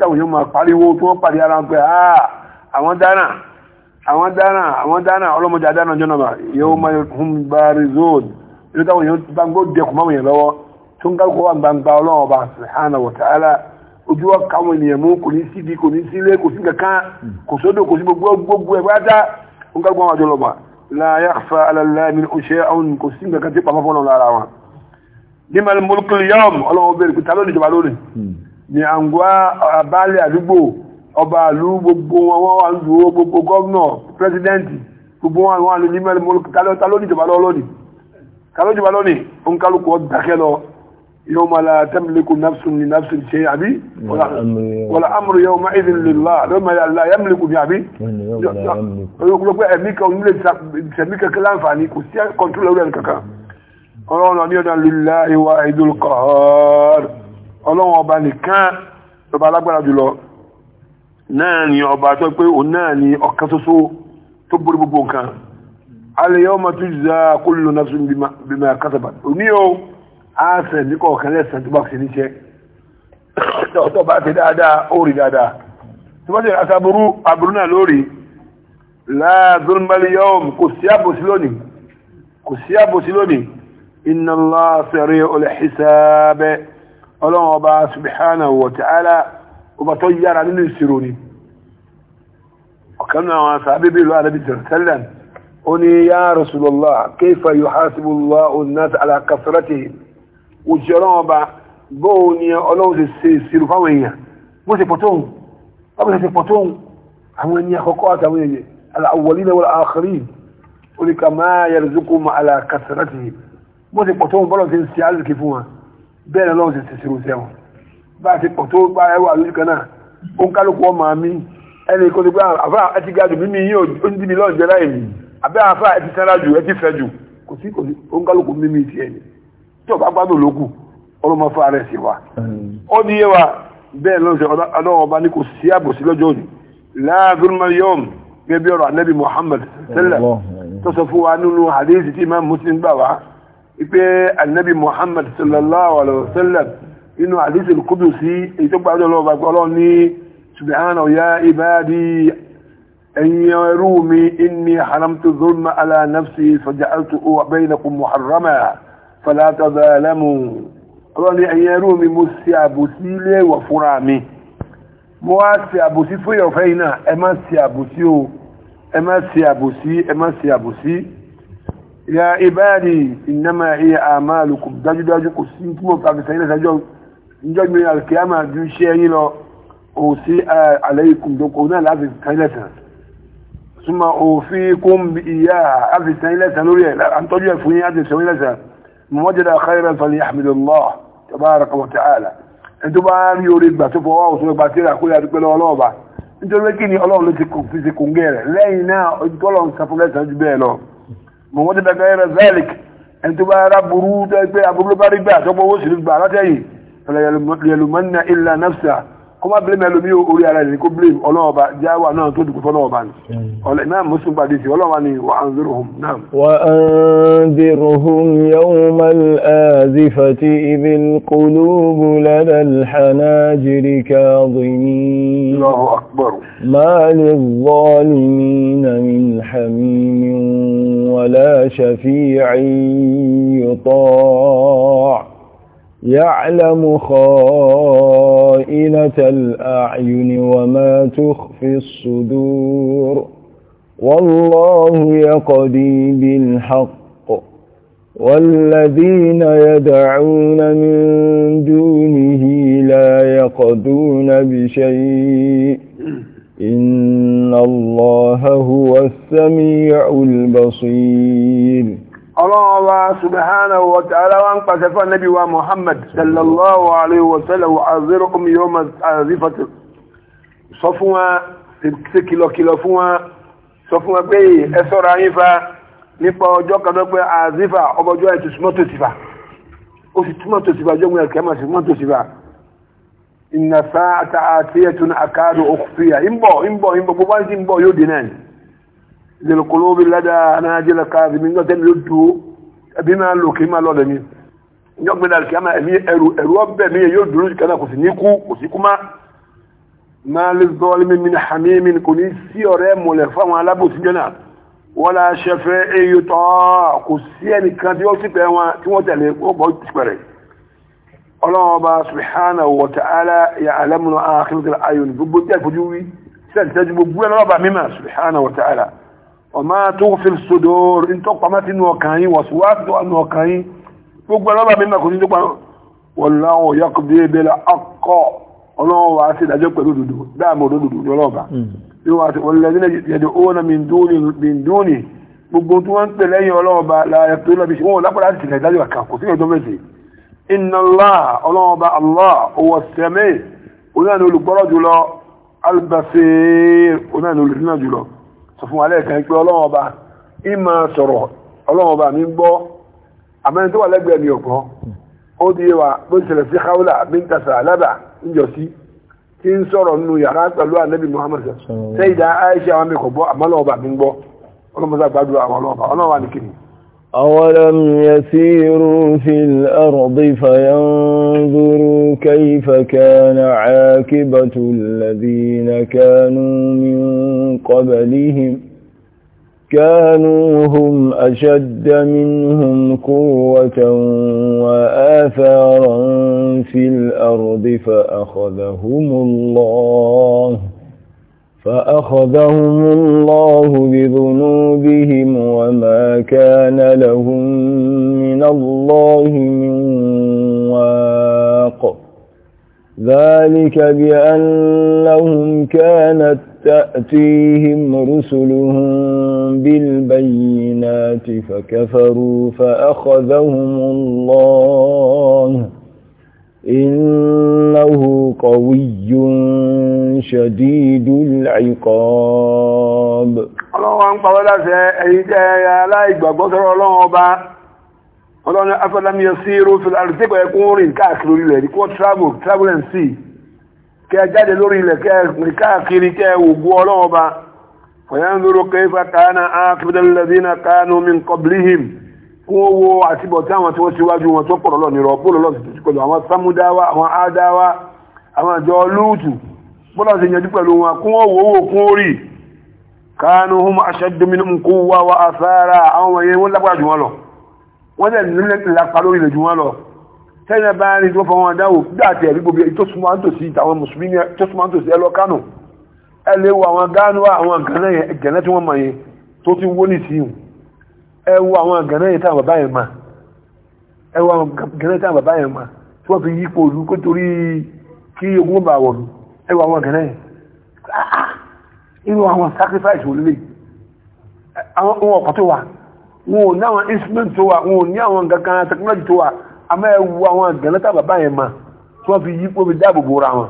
yóò máa ah, àwọn dáná àwọn dáná àwọn dáná ọlọ́mọdé adáná jọ́nàmà yóò máa hun bari zone ìlú táwọn yóò gbangbo dẹkùn máwọn yẹn lọ́wọ́ tó ń kálukọ́ wà gbangba ọlọ́wọ́ bá sàánà wọ̀tàálà ojú wa káwọn ènìyàn mú kò ní síbi kò ní sílé kò sí kankan kò sódò kò sí gbogbo gbogbo ẹ̀ pátá ó ń kálukọ́ àwọn àjọlọ́mà láyà fa alàlàmì oṣù àwọn kò sí kankan tí pàmò fọlọ́ lára wọn. ní malimolukul hmm ọba àlú gbogbo wọn wọ́n wà ń ju owó gbogbo gọ́ọ̀nà pírẹsidẹ́ǹtì gbogbo wọn wà lóní mẹ́rin mọ́lù talóní ìjọba lọ́lọ́ni talóní ìjọba lọ́ni òǹkálùkù ọ̀dàkẹ́ lọ yóò máa la tẹ́mìlẹ́kù nafsun ní nafsun ṣe àbí wọ́la amúrú yóò máa ìdí lèlá ló máa yàrá yẹ́mìlẹ́kù ní àbí olókùnrin pé ẹ̀mí kan nílé ìṣẹ̀mí kankan láǹfààní kò sí kọ́ńtúrò lórí ẹnì kankan náà ni ọba tó pé òun náà ni ọ̀kan ṣoṣo tó borí gbogbo nǹkan al-yawma tujza kullu nafsin bima kasabat òní o á sẹ̀ ní kọ̀ọ̀kan lẹ́sàn tó bá fi níṣẹ́ ọ̀tọ̀ bá ti dáadáa ó rí dáadáa tó bá ti rà sábúrú àbúrú náà lórí la zulma al-yawm kò sí àbòsí lónìí kò sí àbòsí lónìí inna Allah sari'ul hisab ọlọ́run ọba subhanahu wa ta'ala ọba tó yára nínú ìṣirò ni ọ̀kan náà wọn sàábé bí ìlú àdàbí tẹ̀lẹ̀ ó ní yá Rasulullah kayfa yuhasibullahu an-nas ala kasratihim òṣìṣẹ́ ọlọ́run ọba bóò ni ọlọ́run ti ṣe ìṣirò fáwọn èèyàn bó ṣe pọ̀ tóun bó ṣe pọ̀ tóun àwọn ẹni àkọ́kọ́ àtàwọn èèyàn al-awwalina wal-akhirin ó ní kama yarzuquhum ala bó ṣe pọ̀ bọ́lọ̀ ti ń ṣe àlùkì fún wọn bẹ́ẹ̀ lọ́run ti ṣe ìṣirò sẹ́wọ̀n bá a ti pọ̀ tó bá ẹwà lójú kan náà ó ń kálukú ọmọ mi ẹni kò ní pé àfa ẹti ga jù mímí yín ó ń dí mi lọ́ọ̀jẹ́ láì mí àbẹ́ àfa ẹti sára jù ẹti fẹ́ jù kò sí kò sí ó ń kálukú mímí tiẹ̀ ni tí ọba gbádùn lókù ọlọ́mọ fún ààrẹ sí wa ó ní yé wa bẹ́ẹ̀ lọ́sẹ̀ ọlọ́wọ́ ọba ní kò sí àbòsí lọ́jọ́ òní láàbùrùmọ̀ yọ̀m gẹ́gẹ́ bí ọ̀rọ̀ anábì Muhammad sẹ́lẹ̀ tó sọ Muhammad sallallahu alayhi wa inú àdísì kúbù sí èyí tó gbájọ́ lọ́wọ́ gbàgbọ́ ọlọ́run ní subhana ya ibadi ẹ̀yin ẹrú mi inni haramtu zulma ala nafsi faja'altu bainakum muharrama fala tazalamu ọlọ́run ní ẹ̀yin mi mo ṣe àbòsí ilé ìwọ̀ fúnra mi mo wá ṣe àbòsí fún ìyọ̀fẹ́ yìí ẹ má ṣe àbòsí o ẹ má ṣe àbòsí ẹ má ṣe àbòsí ya ibadi innama iya amalukum dájúdájú kò sí tí mo fà fi sẹ́yìn lẹ́sàájọ́ njọ́gbé alkiyama ju iṣẹ́ yín lọ òsí aláìkùn dókò náà láti tán ilẹ̀sàn súnmọ́ òfin kún ìyá àfi tán ilẹ̀sàn lórí ẹ̀ àtọ́jú ẹ̀ fún yín àti tán ilẹ̀sàn mọ́jẹ́dá khairan fali ahmidullah tabaraka wa ta'ala ẹni tó bá rí orí gbà tó fọwọ́ òsùn ìgbà tí ìràkó yà dúpẹ́ lọ́wọ́ ọlọ́ọ̀bà nítorí kí ni ọlọ́run ló ti fi ti kún gẹ̀rẹ̀ lẹ́yìn náà ọlọ́run sàfún lẹ́sàn ju bẹ́ẹ̀ lọ mọ́jẹ́dá khairan zalik ẹni tó bá rá burú tó ẹgbẹ́ aburú bá rí gbà tó fọwọ́ òsùn ìgbà látẹ̀yìn ليلومن إلا نفسه كما بلم يلوميو أولي على ذلك بلم الله با جاوا نان تود كفنا الله نعم مسلم بديسي والله واني وأنذرهم نعم وأنذرهم يوم الازفه إذ القلوب لدى الحناجر كاظمين الله أكبر ما للظالمين من حميم ولا شفيع يطاع يعلم خائنة الأعين وما تخفي الصدور والله يقضي بالحق والذين يدعون من دونه لا يقضون بشيء إن الله هو السميع البصير ọlọ́ọ̀wá subhanahu wa ta'ala wá ń pàṣẹ fún anábì wa muhammad sallallahu alaihi wa sallam azero yóò ma azifatu sọ fún wa ṣe kìlọ̀kìlọ̀ fún wa sọ fún wa pé ẹ sọ́ra yín nípa ọjọ́ kan pé azifa ọbọjọ́ ẹ̀ tó súnmọ́ tó ó sì fa lèlòkòló bí ládà anájẹ́lẹ̀ káàdì mi yọ́tẹ́ ló dúó ẹbí máa lò kí máa lọ́dẹ̀ mi yọ́gbẹ̀dà kí a máa ẹ̀mí ẹ̀rù ẹ̀rù ọ̀bẹ̀ mi yóò dúró jù kẹ́nà kò sì ní kú kò sí kú má máa lè zọ́ lé mi ní hàmí mi kò ní sí ọ̀rẹ́ mọ̀lẹ̀ fáwọn alábòsí jọ́nà wọ́n la ṣe fẹ́ eyín tọ́ kò sí ẹnìkan tí wọ́n sì fẹ́ wọn tí wọ́n tẹ̀lé wọ́n bọ́ pẹ̀rẹ̀ ọlọ́ọ̀ba subhanahu wa ta'ala ya alamuna akhirat al-ayun gbogbo jẹ́ ìfojú wí sẹ́ǹtẹ́jú gbogbo ẹ̀ lọ́ba mímọ́ subhanahu wa ta'ala ọmọ tó fi sódò ní tó pamọ́ sínú ọkàn yín wọ̀sùn wá sí ọ̀nà ọkàn yín gbogbo ẹ̀rọ bàbá mi náà kò sí tó pamọ́ wọ̀láwọ̀ yakubí ebele akọ ọlọ́wọ́ wa sí ìdájọ́ pẹ̀lú òdòdó dáàmú òdòdó lọ́lọ́ba yóò wá sí wọ̀lẹ́dínlẹ̀ yẹ̀dẹ̀ owó náà mìndúnì gbogbo tí wọ́n ń pè lẹ́yìn ọlọ́ọba láàrẹ tó lọ́bí ṣe wọ́n lápọ̀lá ti tẹ̀lẹ̀ ìdájọ́ àkà kò sí ẹ̀dọ́ méjì iná láà allah owó sẹ́mẹ́ onáà olùgbọ́rọ̀ jùlọ albasir onáà olùdínà jùlọ sọ fún wa lẹ́ẹ̀kan pé ọlọ́wọ́n ọba ìmọ̀ sọ̀rọ̀ ọlọ́wọ́n ọba mi ń gbọ́ àmẹ́rin tó wà lẹ́gbẹ̀ẹ́ mi ọ̀gbọ́n ó di wa bó ṣẹlẹ̀ sí haúlà bíntàṣà alábà níjọsí tí ń sọ̀rọ̀ nínú yàrá pẹ̀lú ànábì Muhammad sẹ́yìn Aisha àwọn mi kò gbọ́ àmọ́ ọlọ́wọ́n ọba mi ń أولم يسيروا في الأرض فينظروا كيف كان عاكبة الذين كانوا من قبلهم كانوا هم أشد منهم قوة وآثارا في الأرض فأخذهم الله فأخذهم الله بذنوبهم وما كان لهم من الله من واق ذلك بأنهم كانت تأتيهم رسلهم بالبينات فكفروا فأخذهم الله إنه قوي شديد العقاب ọlọ́wọ́ pàwọ́ láti ẹ̀yí jẹ́ aláìgbàgbọ́ ọlọ́wọ́ ọba ọlọ́ni afẹ́lámi yasiru fil ardi tí pẹ̀lú rìn káàkiri orílẹ̀ ní kó travel travel and see kẹ jáde lórí ilẹ̀ kẹ rìn káàkiri kẹ ògbó ọlọ́wọ́ ọba fayanzuru kayfa kana aqibatul ladhina kanu wọ́n wo àtibọ̀tí àwọn tí wọ́n síwájú wọn tó pọ̀lọ́lọ́ ní rọ̀ pọ̀lọ́lọ́ ti kọjọ àwọn Samudawa àwọn Adawa àwọn àjọ lóòtù bọ́lá sí yanjú pẹ̀lú wọn kún wọ́n wò wò kún orí kánú hum ashaddu minhum quwwa wa athara àwọn wọ̀nyẹ wọ́n lágbára jù wọ́n lọ ẹwọ àwọn gẹ̀rẹ́ ìtàn bàbá ẹ̀ ma ẹwọ àwọn gẹ̀rẹ́ ìtàn bàbá ma tí wọ́n fi yípo olú kó torí kí ogun bá wọ̀lú ẹwọ àwọn gẹ̀rẹ́ ah, ah, inú àwọn sacrifice olúlé àwọn ọkọ̀ tó wà wọn ò ní àwọn instrument tó wà wọn ò ní àwọn technology tó wà àmọ́ ẹwọ àwọn gẹ̀rẹ́ fi yi fi dáàbò bo ra wọn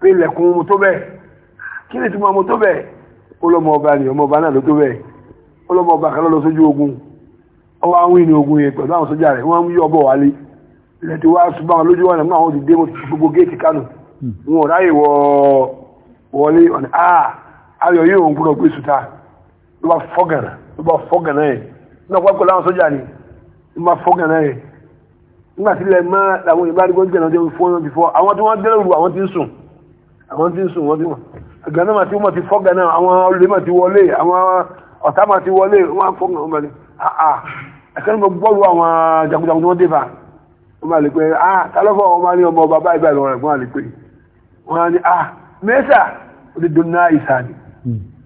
pé lẹ̀kùn mo tó bẹ́ẹ̀ kí ni túmọ̀ mo tó bẹ́ẹ̀ ọlọ́mọ ọba ni ọmọ ọba náà ló tó bẹ́ẹ̀ ọlọ́mọ ọba kan lọ sójú ogun ọwọ́ àwọn ènìyàn ogun yẹn pẹ̀lú àwọn sójà rẹ̀ wọ́n ń yọ ọbọ̀ wálé ilẹ̀ tí wàá sùn báwọn lójú ọ̀nà náà wọ́n ti dé mo ti gbogbo géètì kánò hmm. wọn ò ráyè wọ wọlé ọ̀nà a ah, ayọ̀ yìí òun gbọ́dọ̀ gbé sùtà ló bá fọ́gànà ló bá fọ́gànà yẹn náà wọ́n pẹ̀lú àwọn sójà ni ló bá fọ́gànà yẹn nígbà tí ilẹ̀ mọ́ làwọn ìbáraẹni gbọ́dọ̀ jẹ́ náà ti fọ́ àwọn tí wọ́n dẹ́rù àwọn ti ń sùn àwọn tí ń sùn wọ́n ti wọ̀n gánà máa ti wọ́n ti fọ́ gánà àwọn olè máa ti wọlé àwọn ọ̀tá máa ti wọlé wọ́n á fọ́ gánà wọ́n balẹ̀ àà ẹ̀kẹ́ni mo gbọ́rù àwọn jagunjagun tí wọ́n dé bá wọ́n máa lè pé ah tálọ́fọ́ wọn máa ní ọmọ ọba báyìí báyìí lọ́rẹ̀ wọ́n máa lè pé wọ́n á ní ah mẹ́sà ó ti dunná ìsàlẹ̀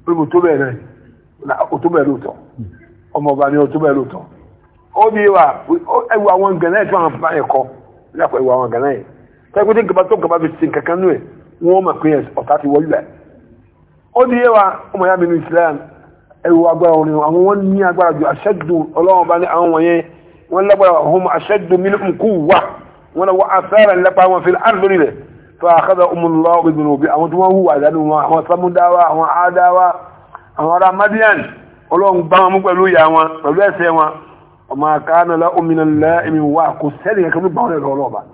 pé mo tó bẹ̀ rẹ̀ o tó bẹ̀ lóòótọ́ hmm. ọmọ ọba ni o tó bẹ̀ lóòótọ́ ó bí wa ẹwù àwọn gánà ẹ̀ tí wọ́n á fa ẹ̀kọ́ ẹ̀wù àwọn gánà ẹ̀ tẹ́kùtì gàbá tó gàbá fi sin kankan nù ẹ̀ wọ́n mọ̀ pé ọ̀tá ti wọ́lú ẹ̀ ó di yéwa ọmọ ya bínú Islam ẹwọ agbára orin àwọn wọn ní agbára ju aṣẹ́dù ọlọ́wọ́n bá ní àwọn wọ̀nyẹn wọ́n lágbára ọ̀hún aṣẹ́dù mílíọ̀nù wà wọ́n lọ afẹ́rẹ́ lẹ́pa wọn fi àdúrí rẹ̀ tó àkàdà ọmọlúwà obìnrin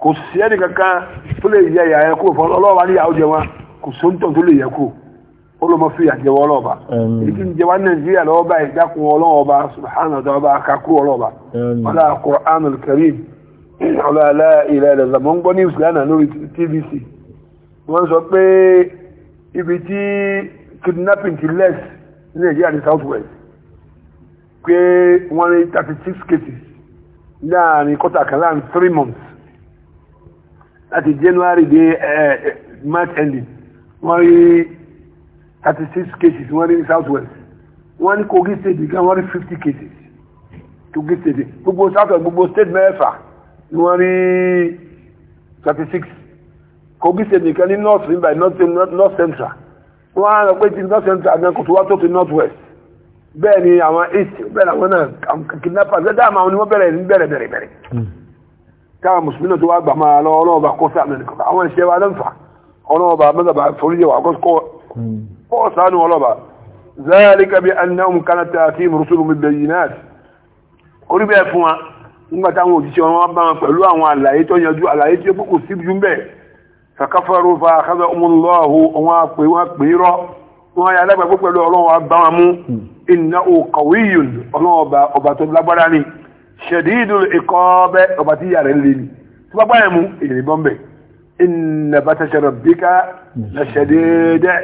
kò sí ẹni kankan tó lè yẹ ìyá yẹn kó fọ ọlọ́ọ̀bá ní ìyàwó jẹ wọn kò sóńtọ̀ tó lè yẹ kó olùmọ fi àjẹwọ́ ọlọ́ọ̀bá ìdí ń jẹ wá nàìjíríà lọ́wọ́ báyìí ọlọ́ọ̀bá subhanahu wa ta'ala kakú ọlọ́ọ̀bá wàlá al Karim ọlọ́ọ̀lá ilẹ̀ ẹ̀lẹ́sà mọ́ ń gbọ́ ní ìsìlánà lórí TVC wọ́n sọ pé ibi tí kidnapping ti less ní nàìjíríà ní south west pé wọ́n ní thirty six cases láàrin kọ́tà kan láàrin three months láti January dé eh, March ending wọ́n rí thirty cases wọ́n rí ní South West wọ́n ní Kogi state gan wọ́n rí fifty cases Kogi state gbogbo South West gbogbo state mẹ́fà ni wọ́n rí 36. Kogi state nìkan ní North rí by North north Central wọ́n á lọ pé ti North Central gan kò tó wá tó ti North West bẹ́ẹ̀ ni àwọn east bẹ́ẹ̀ làwọn náà kidnappers ẹ̀ dáàmà àwọn onímọ̀ bẹ̀rẹ̀ ní bẹ̀rẹ̀ bẹ̀rẹ̀ bẹ̀rẹ̀ hmm káwọn mùsùlùmí náà tó wá gbà máa lọ ọlọ́wọ́ bá kó sí àmì nìkan àwọn ìṣe wa lẹ́nfà ọlọ́wọ́ bá mẹ́tàbà foríjẹ wà kọ́ kọ́ sánú ọlọ́ba ذلك بأنهم كانت تأتيهم رسلهم بالبينات orí bẹ́ẹ̀ fún wa nígbà táwọn òjíṣẹ́ wọn bá wọn pẹ̀lú àwọn àlàyé tó yanjú àlàyé tí ó kúkú sí jù bẹ́ẹ̀ fàkàfàrò fa àkàzọ ọmọlọ́hù wọn àpè wọn àpè rọ wọn yà alágbàgbọ́ ṣẹ̀dídù ikọ́ bẹ́ ọba tí yàrá ń lé ní tí wọ́n báyẹ̀ mú èyí bọ́ ń bẹ̀ bí ká lẹ̀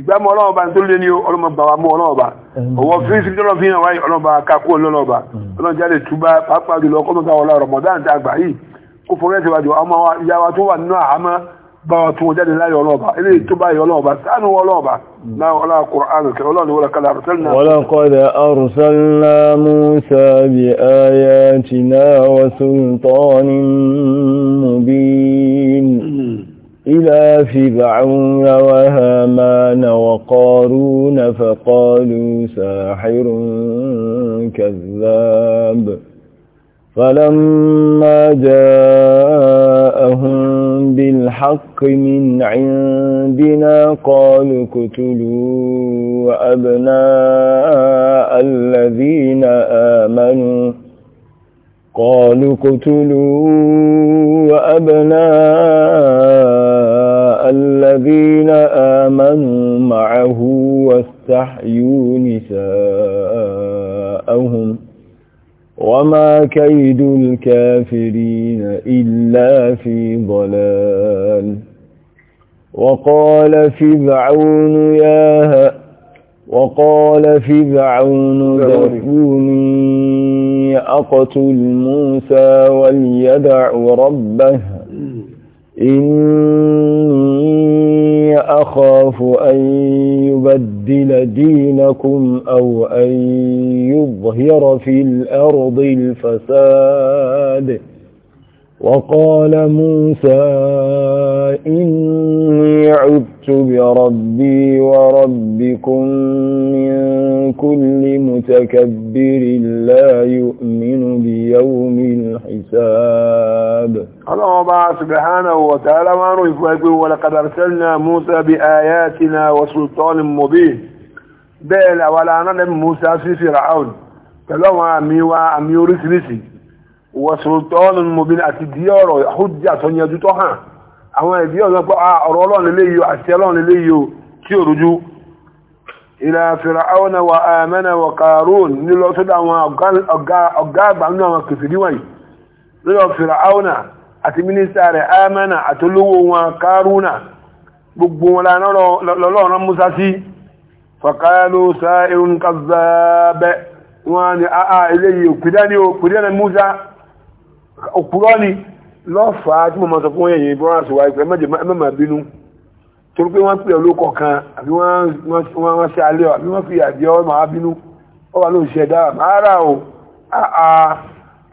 ìgbàmọ̀ ọlọ́ọ̀ba tó lé ní ọlọ́mọba wa mú ọlọ́ọ̀ba ọwọ́ fi sí tọ́lọ́ fi hàn wáyé ọlọ́ọ̀ba kakú ọlọ́ọ̀ba ọlọ́ọ̀já lè túbá pàápàá jùlọ ọkọ̀ mọ́ta ọlọ́ọ̀rọ̀ mọ̀dáǹtà àgbà yìí kó fọwọ́ ẹ̀sẹ̀ باتو جل لا يلوبا إذا تبا يلوبا سأنا ولوبا لا ولا قرآن الكلام ولا كلا أرسلنا ولقد أرسلنا موسى بآياتنا وسلطان مبين إلى فبعون وهامان وقارون فقالوا ساحر كذاب فلما جاءهم بالحق من عندنا قالوا اقتلوا أبناء الذين آمنوا قالوا اقتلوا أبناء الذين آمنوا معه واستحيوا نساءهم وما كيد الكافرين إلا في ضلال وقال فرعون يا وقال فرعون ذروني أقتل موسى وليدع ربه إني أخاف أن يبدل دينكم أو أن يظهر في الأرض الفساد وقال موسى إني عذت بربي وربكم من كل متكبر لا يؤمن بيوم الحساب الله سبحانه وتعالى ما نفاكم ولقد أرسلنا موسى بآياتنا وسلطان مبين بل ولا نلم موسى في فرعون كلما أمي وأمي رسلسي wọ̀sùlùtọ́ọ̀nù mobili àti di ọ̀rọ̀ hujja tó yanjú tó hàn àwọn ìdí ọ̀rọ̀ pé ah, ọ̀rọ̀ ọlọ́run eléyìí àti ọlọ́run eléyìí tí ò rújú ila fir'auna wa amana wa qarun nílọ tó dá ọ̀gá àgbà wọn qaruna gbogbo òpùrọ́ ni lọ́fàá tí mo máa sọ fún ẹ̀yìn bọ́rọ̀ àṣìwá ìpẹ́ mẹ́mà bínú torí pé wọ́n pè ọ́ lókọ̀ kan àbí wọ́n ṣe alẹ́ àbí wọ́n fi àbí ọ́ máa bínú ó wà lóun ṣe ẹ̀dá ara o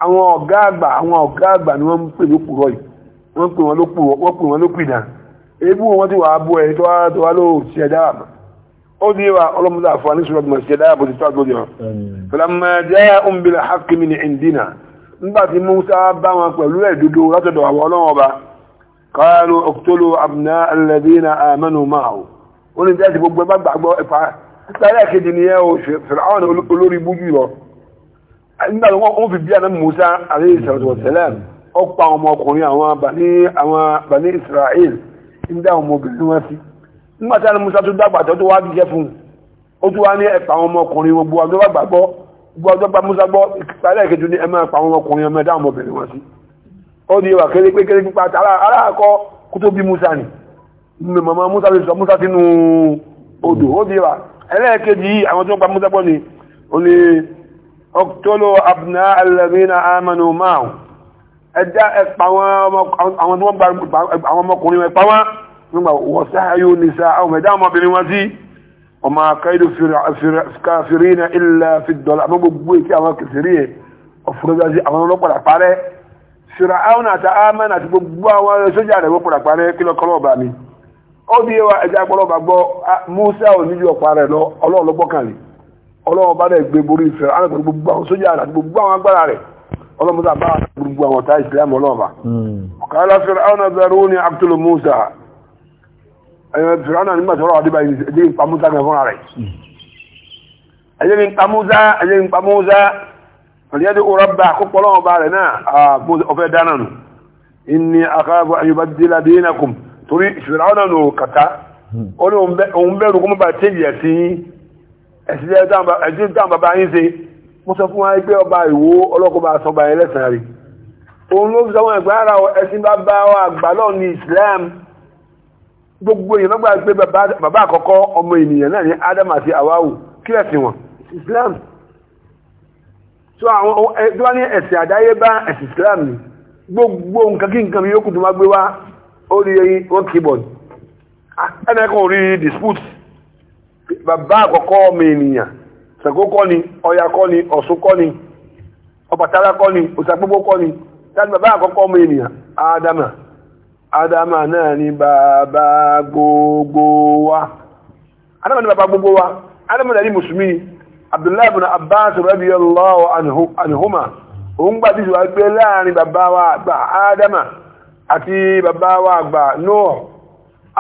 àwọn ọ̀gá àgbà àwọn ọ̀gá àgbà ni wọ́n ń pè lópùrọ́ yìí wọ́n pè wọ́n lópùrọ́ wọ́n pè wọ́n lópìnà ebú wọn ti wà á bú ẹ̀ tó wá tó wá lóun ṣe ẹ̀dá àmà ó ní wa ọlọ́mọdé àfọwọ́ ní sùúrù ọgbọ̀n ṣe ẹ̀dá àbòtítọ́ àgbọ̀dọ̀ nígbàtí Musa bá wọn pẹ̀lú ẹ̀dúdó látọ̀dọ̀ àwọn ọlọ́wọ́ bá qalu uqtulu abna alladhina amanu ma'ahu ó ní tẹ́sí gbogbo ẹgbà gbàgbọ́ ẹ̀fà tẹ́lẹ̀ kejì ni ẹ o Fir'aun olórí bújú lọ nígbà tí ó pa wá ní ẹ̀fà ọmọ gbogbo àgbàgbọ́ gbọ́dọ̀ gba musa gbọ́ ìpàdé ìkejì ní ẹmọ ẹ̀pà àwọn ọkùnrin ọmọ ẹ̀dá ọmọbìnrin wọn sí ó di ìwà kéré pé kéré pípa aláàkọ́ kó tó bí musa nì mọ̀mọ́ musa lè sọ musa sínú odò ó di ìwà ẹlẹ́ẹ̀kejì yìí àwọn tó gba musa gbọ́ ni ó ní ọ̀tọ́lọ́ abùnà alẹ́mìnà amanu máa ẹ̀dá ẹ̀pà àwọn tó gba àwọn ọmọkùnrin ẹ̀pà wọn nígbà wọ́sáyò nìsa ẹ̀dá ọmọbìnrin wọn sí وما كيد كافرين إلا في الضلال ما بقول كي أما كثيرية أفرد أزي أما نقول أقاري فرعون أتآمن أتبقوا وسجع له وقول أقاري كلا قلوبا مي ó bí wa ẹja ọpọlọpàá gbọ́ Musa ò níjú ọ̀pá rẹ̀ lọ ọlọ́run ló gbọ́kàn lé ọlọ́run bá dẹ̀ gbé borí ìfẹ́ alágbèrè gbogbo àwọn sójà rẹ̀ àti gbogbo àwọn agbára rẹ̀ ọlọ́run bá gbogbo àwọn ọ̀tá ìsìlámù ọlọ́run bá. ọ̀kàlá ẹ̀yàn fìrànà nígbà tọ́rọ àdébà ẹ̀jẹ̀ ń pamúzá gan fúnra rẹ̀ ẹ̀jẹ̀ ń pamúzá ẹ̀jẹ̀ ń pamúzá ọ̀lẹ́dẹ̀ òrọ̀ bá àkópọ̀ lọ́wọ́ bá rẹ̀ náà ọ̀fẹ́ dáná nù inni akáàbọ̀ ayọ̀bá dílà dínakum torí fìrànà nù kàtá ó ní òun bẹ̀rù kó mọ́ bá tẹ́jì ẹ̀sìn ẹ̀sìn dáhùn bàbá yín ṣe mo sọ fún wa pé Islam gbogbo èèyàn lọ́gbà pé bàbá àkọ́kọ́ ọmọ ènìyàn náà ní Adam àti awawu kí ẹ̀sìn wọn Islam so àwọn tó wá ní ẹ̀sìn àdáyébá ẹ̀sìn Islam ni gbogbo nǹkan kí nǹkan yóò kù tó máa gbé wá ó rí wọn keyboard ah, ẹnì kan rí dispute bàbá àkọ́kọ́ ọmọ ènìyàn Ṣàngó kọ́ ni Ọya kọ́ ni Ọ̀ṣun kọ́ ni Ọbàtálá kọ́ ni òṣàpópó kọ́ ni tábí adama náà ni bàbá gbogbo wa adama ni bàbá gbogbo wa adama náà ni musulmi abdullahi ibn abbas radiyallahu anhuma òun gbà tí ìwà gbé láàrin bàbá wa àgbà adama àti bàbá wa àgbà noah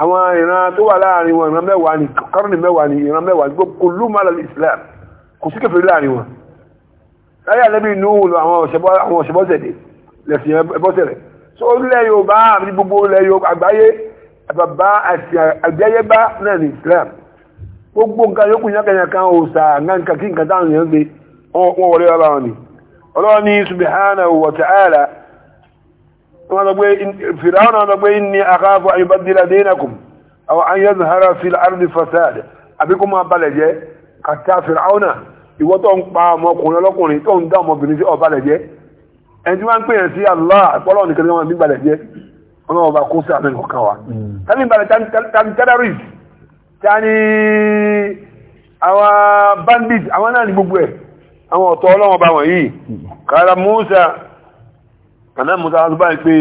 àwọn ìran tó wà láàrin wọn ìran mẹ́wàá ni kọrùn mẹ́wàá ni ìran mẹ́wàá ni kullu mala islam kò sí kẹfẹ́ láàrin wọn láyé àlẹ́bí inú àwọn ọ̀ṣẹ́bọ́sẹ̀dẹ̀ lẹ̀sìn ẹbọ́sẹ̀rẹ̀ so orílẹ̀ yorùbá àti gbogbo ilẹ̀ yorùbá àgbáyé àbàbá àti àgbáyébá náà ní islam gbogbo nǹkan yókù yánkanyànká òòsà nǹkan kí nǹkan táwọn èèyàn gbé wọn wọlé wà báwọn ni ọlọ́run ní subhanahu wa ta'ala wọn lọ pé fìràwọn náà lọ ní fil fasad àbí kó máa balẹ̀ jẹ́ ń pa ọmọkùnrin ọlọ́kùnrin tó ń dá ọmọbìnrin sí jẹ́ ẹni tí wọ́n ń pèèyàn sí Allah àpọ́lọ́ nìkan ní wọn ní balẹ̀ jẹ́ ọlọ́run ọba kó sí àmì kọ̀ọ̀kan wa mm. tani balẹ̀ tani terrorist tani àwọn bandit àwọn náà ní gbogbo ẹ̀ àwọn ọ̀tọ̀ ọlọ́run ọba wọ̀nyí mm. kàrà Musa kàrà Musa wọn bá pé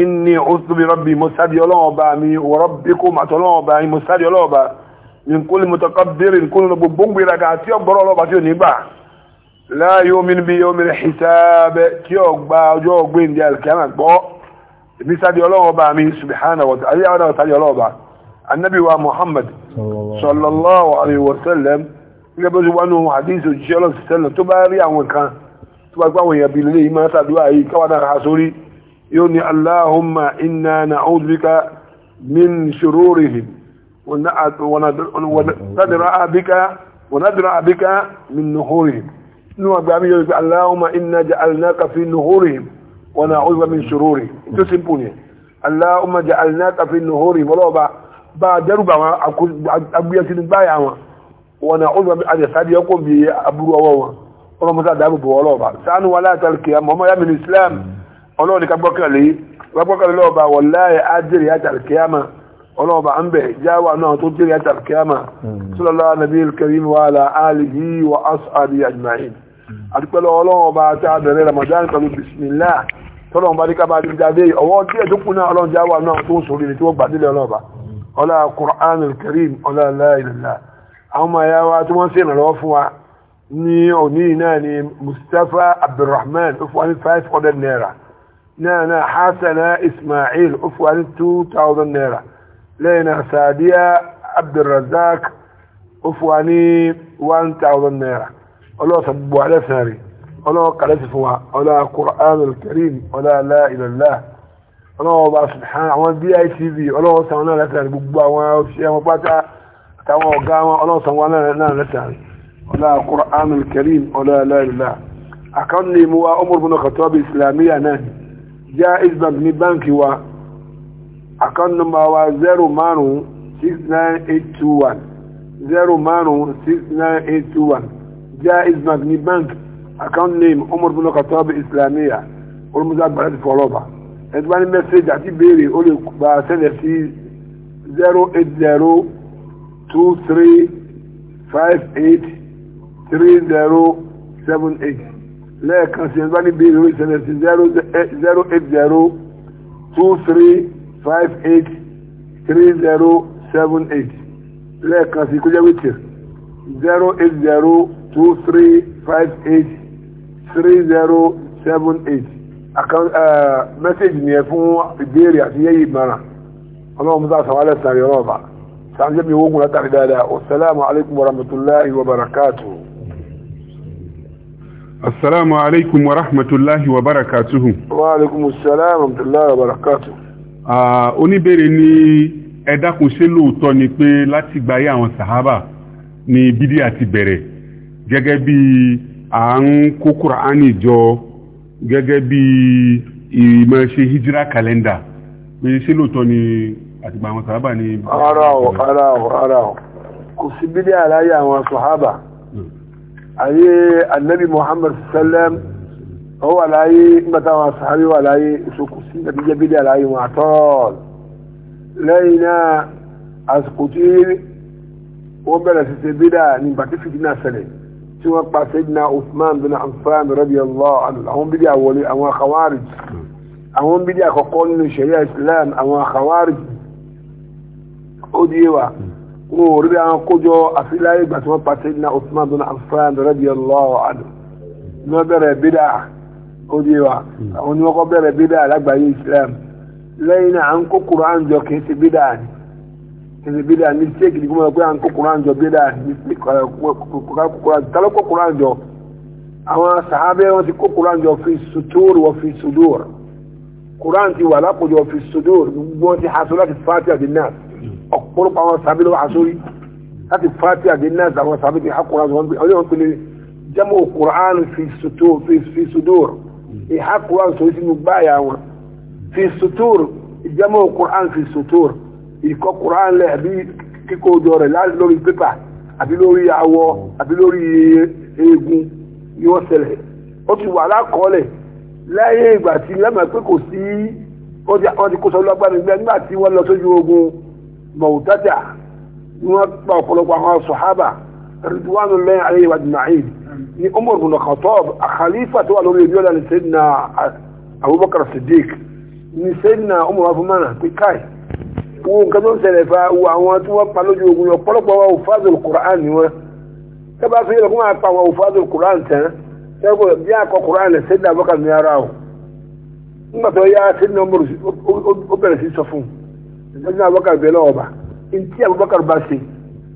inni usubi rabbi musadi ọlọ́run ọba mi wọ rabbi kó màtọ́ ọlọ́run ọba mi musadi ọlọ́run ọba mi kó lè mọ̀tọ́kọ́ bèrè kó lè gbogbo gbèrè àti ọgbọ́rọ̀ ọlọ́ba tí ò ní bà láàyò mínú bí omi rẹ̀ ìsáàbẹ̀ tí ó gba ọjọ́ ọgbẹ́ ìdí alkiyama gbọ́ ní sáàdì ọlọ́ọ̀bá mi subhanahu wa ta'ala ọlọ́ọ̀bá annabi wa muhammad sallallahu alaihi wasallam gẹ́gẹ́ bó ti wá nù hadith òjíṣẹ́ ọlọ́sẹ̀lẹ̀ tó bá rí àwọn kan tó bá gbáwọn èèyàn bí lè máa sàdúrà yìí káwàdà ha sórí yóò ní allahumma inna na'udhu bika min shururihim wa nadra bika min nuhurihim nínú àgbà mi yóò fi Allahumma inna ja'alnaka fi nuhurihim wa na'udhu min shururihim tó simple ni Allahumma ja'alnaka fi nuhurihim ọlọ́ọ̀bá bá a dẹ́rùbà wọn agbóyẹsí ní báyà wọn wa na'udhu min àjẹsáde ọkọ̀ bí aburú ọwọ́ wọn ọlọ́mọsá dábòbò ọlọ́ọ̀bá sánú wa láti alkiyá mọ́mọ́ yá mi ní Islam ọlọ́ọ̀ni ká gbọ́kànlé gbọ́kànlé lọ́ọ̀bá wallahi ajẹ́rì láti alkiyá máa صلى الله عليه الكريم وعلى اله واصحابه اجمعين àdúpẹ́lọ́ ọlọ́run ọba tí a bẹ̀rẹ̀ ramadan pẹ̀lú bismillah tọ́lọ́run bá ní ká bá ní jáde ọwọ́ tí ẹ̀ tó kú náà ọlọ́run jáwà náà tó ń sòrí ní tí wọ́n gbàdílẹ̀ ọlọ́ọ̀bá ọlá Qur'an al-Karim ọlá la ilallah àwọn ọmọ ẹ̀yà wa tí wọ́n sì rànlọ́wọ́ fún wa ní òní náà ni Mustapha Abdulrahman ó fún wa ní five naira náà náà Hasana Ismail ó fún wa ní two naira lẹ́yìn náà Sadiya Abdulrazak ó fún wa ní one naira ọlọ́wọ́ sọ gbogbo alẹ́ sàn rẹ̀ ọlọ́wọ́ kàlẹ́ sí fún wa ọlọ́wọ́ Qur'an al-Karim ọlọ́wọ́ la ilallah ọlọ́wọ́ bá subhan àwọn DITV ọlọ́wọ́ sàn wọn náà lẹ́sàn rẹ̀ gbogbo àwọn òṣìṣẹ́ wọn pátá àtàwọn ọ̀gá wọn ọlọ́wọ́ sàn wọn náà lẹ́sàn rẹ̀ ọlọ́wọ́ Qur'an al-Karim ọlọ́wọ́ la ilallah akan nemi wa umar bin khattab islamiyya nan jaiz bank ni banki wa akan numa wa 0 69821 0 69821 Jaiz Magni Bank account name Umar bin Khattab Islamiyya olùmọ̀sá gbàdá ti fọlọ́ bá ẹni tó bá ní mẹ́sẹ̀gì àti béèrè ó lè gba sẹ́lẹ̀ sí zero eight zero two three five eight three zero seven eight lẹ́ẹ̀kan sí ẹni tó bá ní béèrè ó lè sẹ́lẹ̀ sí zero eight zero two three five eight three zero seven eight lẹ́ẹ̀kan sí kó jẹ́ wíìtì zero eight zero two three five eight three zero seven eight uh, message nìyẹn fún ìbéèrè àti yẹ́yì ìmọ̀ràn ọlọ́run musa sàwálẹ̀ sàrí ọlọ́ọ̀bà sàǹjẹ́ mi wógun látàrí dáadáa wasalaamu alaykum wa rahmatulahi wa barakatuhu. asalaamu alaykum wa rahmatulahi wa barakatuhu. wa alaykum salaam wa wa barakatuhu. oníbèrè ni ẹ dákun ṣé lóòótọ́ ni pé láti gbáyé àwọn sàhábà ni bídíà ti bẹ̀rẹ̀ gẹ́gẹ́ bí à ń kó kùránì jọ gẹ́gẹ́ bí ìmọ̀ hijira kàlẹ́ndà pé ṣé lóòótọ́ ni àtìgbà àwọn sàhábà ni. ara o ara o ara o, kò sí bídí àláyé àwọn sàhábà hmm. ayé anabi muhammad sallam ó wà láyé nígbà táwọn sàhábà wà láyé ìṣòkò sí ìdàbíjẹ́ bídí àláyé wọn àtọ́ọ̀lù lẹ́yìn náà àsìkò tí wọ́n bẹ̀rẹ̀ sí ṣe bídà ní bàtífìdí náà ṣẹlẹ̀ tí wọ́n pa Sayyidina Uthman bin Affan radiyallahu anhu àwọn bídí àwọlé àwọn Khawarij àwọn bídí àkọ́kọ́ nínú sharia Islam àwọn Khawarij ó di wa wọn ò rí àwọn kójọ àfiláyé ìgbà tí wọ́n pa Sayyidina Uthman bin Affan radiyallahu anhu ni wọ́n bẹ̀rẹ̀ bídà ó di wa àwọn ni wọ́n kọ́ bẹ̀rẹ̀ bídà lágbàáyé Islam lẹ́yìn náà à ń kó Kùránì jọ kì í ti bídà ni kìsì bídà mistake ni kúmọ̀ pé à ń kó kuran jọ bídà tálọ́ kó kuran jọ àwọn sàhábẹ́ wọn ti kó kuran jọ fi sutur wọ fi sudur kuran ti wà lápòjọ fi sudur gbogbo wọn ti haso láti fati àti nas ọ̀pọ̀lọpọ̀ àwọn sàbí lọ́wọ́ haso rí láti fati àti nas àwọn sàbí ti ha kuran jọ wọn yóò pinnu jamu kuran fi sutur fi sudur ìha kuran sọ sínú gbáyà wọn fi sutur jamu kuran fi sutur. ìkọ́ Quran lẹ̀ àbí kíkó ojọ rẹ̀ lórí pépà àbí lórí awọ àbí lórí eegun ni wọ́n sẹlẹ̀. ó ti wà lákọọ́lẹ̀ lẹ́yìn ìgbà tí lẹ́mọ̀ pé kò sí wọ́n ti kó sọ lọ́gbàmí nígbà tí wọ́n lọ sójú ogun mọ̀wútátà ni wọ́n pa ọ̀pọ̀lọpọ̀ àwọn sọ̀hábà lẹ́yìn ayé ni àkàlífà tó wà lórí ẹbí ọ̀la wo nǹkan tó ń ṣẹlẹ̀ fa wo àwọn tí wọ́n pa lójú ogun yọ pọ́lọ́pọ́ wa òfáàzùl kùrán ni wọ́n tẹ́ bá fi ìlẹ̀kùn máa pa àwọn òfáàzùl kùrán tán tẹ́kọ̀ bí àkọ́ kùrán lẹ̀ sẹ́dá bọ́kà ní ara o nígbà tó yá sẹ́dá ọmọrù ó bẹ̀rẹ̀ sí sọ fún sẹ́dá bọ́kà bẹ̀rẹ̀ ọba tí Abubakar bá ṣe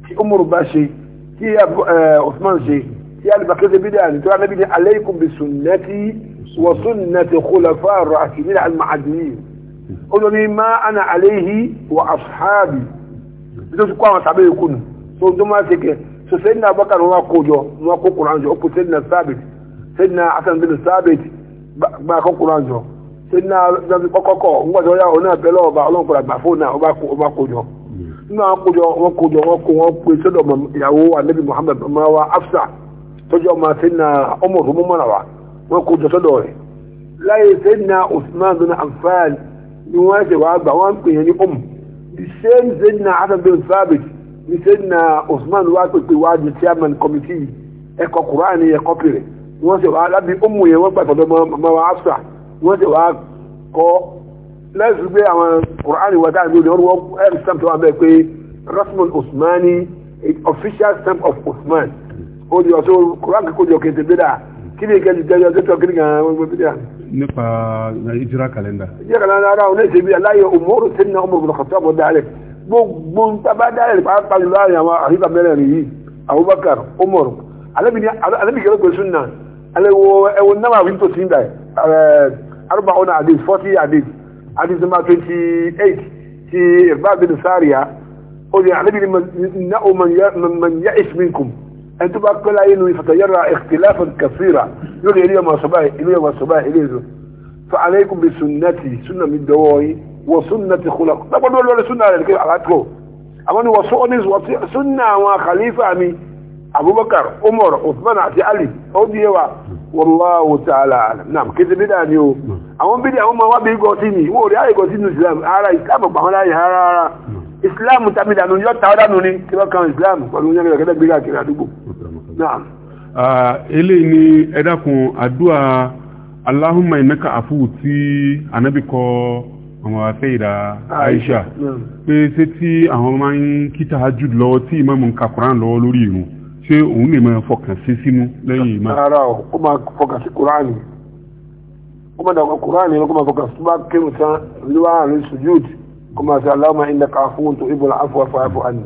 tí Umaru bá ṣe tí eh, Usman ṣe tí alibakẹ́sẹ̀ bí dáa nítorí anábì ní alaykum bi sunnati wa sunnati khulafa ar-rashidin al-mahdiyin ó ní ma ana alayhi wa ashabi bí tó fi kó àwọn tàbí ikú nù tó tó máa ṣe kẹ so sayyidina Abubakar wọn kó jọ wọn kó jọ ó kó sayyidina Thabit sayyidina Hasan bin Thabit gba kó Qur'an jọ sayyidina zafi kọkọkọ ń gbàdọ ya ọ̀nà àbẹ̀lẹ̀ ọba ọlọ́nkọ̀rọ̀ àgbà náà ọba kó jọ wọn kó wọn ni wọ́n ṣe wá gbà wọ́n ń pè é ní um the same zedna hasan bin fabric the zedna usman pèpè wá di chairman committee ẹ̀kọ́ quran ẹ̀kọ́ pèrè wọ́n ṣe wá lábí um yẹn wọ́n gbàgbọ́ wa wọ́n ṣe wá kọ́ pé àwọn quran ní ọdún wọn ẹ̀rí stamp tó wà bẹ́ẹ̀ pé rasmul usmani official stamp of usman ó di ọ̀ṣọ́ quran kíkó jọ kéde bí kí ni ìkẹ́jì tó kí ni kàn án wọ́n gbé bí nípa eh, ìjírá kàlẹ́ndà. ìjírá kàlẹ́ndà ara òun léṣe bí aláyẹ òmòrò sí ní ọmọ òbúrọ̀kọ̀ tó àbọ̀dá rẹ̀ gbogbo ń tábá dá rẹ̀ pàápàá jùlọ àrẹ àwọn àríkà mẹ́rẹ̀ rẹ̀ yìí Abubakar Umar alábìkẹ́rẹ́ pẹ̀lú sunna alẹ́wọ̀ ẹ̀wọ̀ náà wí tó sí ń dà arúgbà ọ̀nà àdìs forty àdìs àdìs number twenty eight ti ìrbá bin sáríà ó ní alábìkẹ́rẹ́ mọ̀ ní ẹni tó bá pẹ́ láyé nu ìfàtàyẹ́ra ìkìláfà kàfíra yóò lè rí ọmọ ọ̀sọ́bá ìlú ọmọ ọ̀sọ́bá ilé ìzò fa aleikum bi sunnati sunna mi dọwọ́ yín wọ sunnati kula lápọ̀dọ̀ lórí sunna rẹ̀ kí alátó àwọn ni wọ sọ́ọ́ni wọ sunna àwọn khalifa mi abubakar umar usman àti ali ó di yẹ wa wallahu ta'ala naam kí ti bí dáa ni o àwọn bídí àwọn ọmọ wa bí gọtí ni wọ́n rí àyè gọtí islam ara islam pàmò láyé rárá islam tàbí yọ tàwọn ni kí wọ́n kan islam pẹ̀lú yẹn kẹ́kẹ́ gbé káàkiri àdúgbò eléyìí ni ẹ dákun àdúrà aláhùnmá ìnáka àfúwù tí ànábì kọ àwọn àfẹ́ìdá Aisha pé ṣé tí àwọn máa ń kíta jù lọ́wọ́ tí ìmáàmù ń ka Quran lọ́wọ́ lórí ìrun ṣé òun lè máa fọkàn sí sínú lẹ́yìn ìmá. rárá o kó máa fọkàn sí Quran kó máa dàgbà Quran yẹn kó máa fọkàn sí bá kéwù tán lóhàn ní sujud kó máa ṣe aláhùnmá ìnáka àfúwù tó ibùdó àfọwọ́fọ́ àfọ àná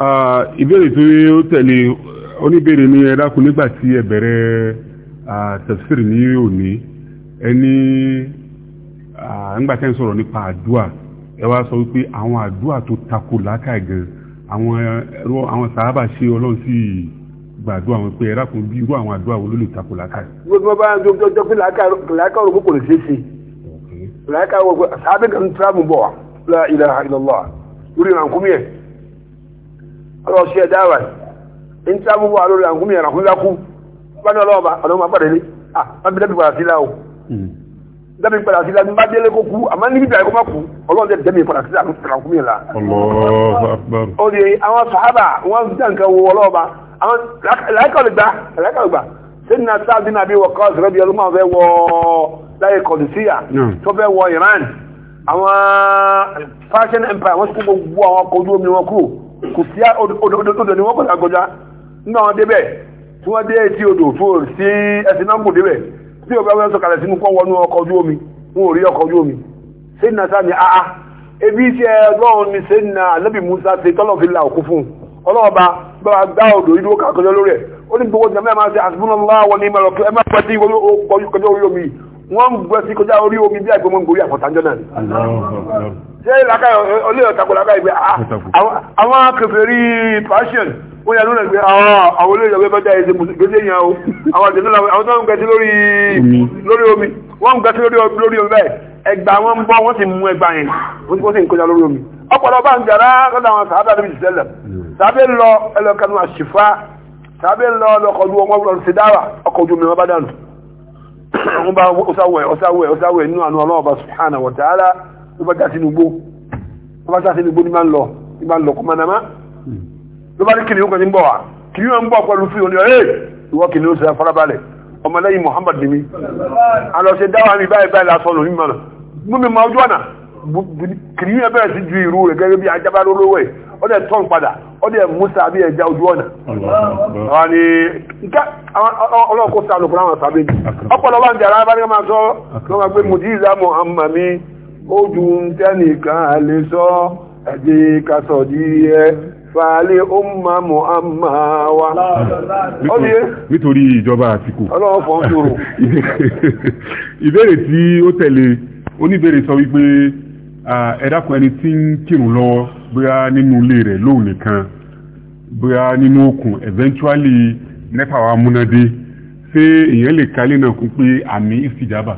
ìbéèrè tí ó tẹ̀lé oníbéèrè ní ẹ̀dákun nígbà tí ẹ bẹ̀rẹ̀ tafsir ní òní ẹni ńgbàtẹ́ ń sọ̀rọ̀ nípa àdúà ẹ wá sọ wípé àwọn àdúà tó takò lákàá gan àwọn ẹ̀rọ àwọn sàábà ṣe ọlọ́run sí gbàdúrà wọn pé ẹ̀dákun bí irú àwọn àdúà wo ló lè takò lákàá. gbogbo bá ń jọjọ pé làákàá rògbò kò lè ṣeé ṣe làákàá rògbò sàábà kan tíráàmù bọ̀ la ilaha illallah lórí ìrànkúmí ẹ̀ ọlọ́ọ̀ṣì ẹ̀dá wà ní tí a mú wà lórí àǹkúmí ẹ̀rànkúnlákú bá ní ọlọ́ọ̀bá ọlọ́ọ̀bá pàdé ní àbídẹ́bí ah, padà sí láwọ̀ dábì hmm. padà sí láwọ̀ bá délé kó kú àmọ́ níbi ìgbà ẹ̀kọ́ má kú ọlọ́ọ̀dẹ́ dẹ́mi padà sí àǹkúmí ẹ̀là. ó di àwọn sàhábà wọn dá nǹkan wo ọlọ́ọ̀bá àwọn làákàlùgbà làákàlùgbà sẹ́ni náà sáà dín nàbí wọ̀kọ́ ọ̀sẹ̀rẹ́bí ọlọ́mọ fẹ́ wọ láyé kọ̀dùsíyà tó fẹ́ wọ Iran àwọn fashion empire wọ́n ti kó gbogbo àwọn ọkọ̀ ojú omi wọn kúrò kò sí odò ni wọ́n kọjá kọjá nígbà wọn débẹ̀ tí wọ́n dé etí odò tó sí ẹsìn náà kò débẹ̀ tí o bá wọ́n sọ̀kalẹ̀ sínú kọ́ wọnú ọkọ̀ ojú omi wọn ò rí ọkọ̀ ojú omi sẹ́yìnà sáà ni aa ah, ah, ebi iṣẹ́ ọlọ́run ni sẹ́yìnà anábì Musa ṣe tọ́lọ̀ fi la òkú fún ọlọ́ọ̀ba bá wa gbá odò yìí dúró kàkọjọ lórí ẹ̀ ó ní gbogbo jẹ́ mẹ́ẹ̀ ṣe àṣìbúnà ńlá ní wọ́n ń gbọ́ sí kọjá orí omi bí àgbọ̀mọ́ ń gorí àpọ̀tánjọ́ náà ṣé ìlàkà ọlẹ́yọ̀ tako làkà ìgbé ah, àwọn akẹfẹ̀rí passion ó yà lónà ìgbé ah, àwọn olóyè ọgbẹ́ bẹ́ẹ̀ ẹ̀sẹ̀ gbèsè yẹn o àwọn àjẹsẹ́ àwọn tó ń gbẹ́sí lórí omi wọ́n ń gbẹ́sí lórí omi bẹ́ẹ̀ ẹgbà wọn ń bọ́ wọ́n sì mú ẹgbà yẹn wọ́n sì ń kọjá lórí omi ọ̀pọ̀lọpọ̀ bá ń jàrá lọ́dọ̀ àwọn sàábà níbi ìṣẹ̀lẹ̀ sàábà lọ ẹlọ́kanu àṣìfà sàábà lọ ọlọ́kọ̀ ojú omi wọn bá dànù wọ́n bá ọsáwẹ̀ ọsáwẹ̀ ọsáwẹ̀ nínú àánú ọlọ́ọ̀bá subhanahu wa ta'ala ló bá jáde nugbó ló bá jáde nugbó ní máa ń lọ ní máa ń lọ kọmọdàmá ló bá ní kìnìún kan ní bọ̀ wá kìnìún ń bọ̀ pẹ̀lú fi òní ọ̀rẹ́ ìwọ kìnìún sọ farabalẹ̀ ọmọlẹ́yìn Muhammad nimi alọ́sẹ̀ kìnìún bẹ̀rẹ̀ sí ju ìrú rẹ̀ gẹ́gẹ́ bí ajábá lólówó ẹ̀ ọdẹ tọ́n padà ọdẹ musa bí ẹja ojú ọ̀nà àwọn ni ọlọ́kọ́ sàánù fún àwọn sàbẹ̀ wa nítorí ìjọba àtìkù ọlọ́wọ́ tí ó tẹ̀lé oníbéèrè sọ wípé ẹ̀dàkùn ẹni tí ń kírun lọ́wọ́ bóyá nínú ilé rẹ̀ lóun nìkan bóyá nínú òkun eventually nípa wa múnadé ṣé èèyàn lè kalẹ̀ náà kún pé àmì ìfìjábà.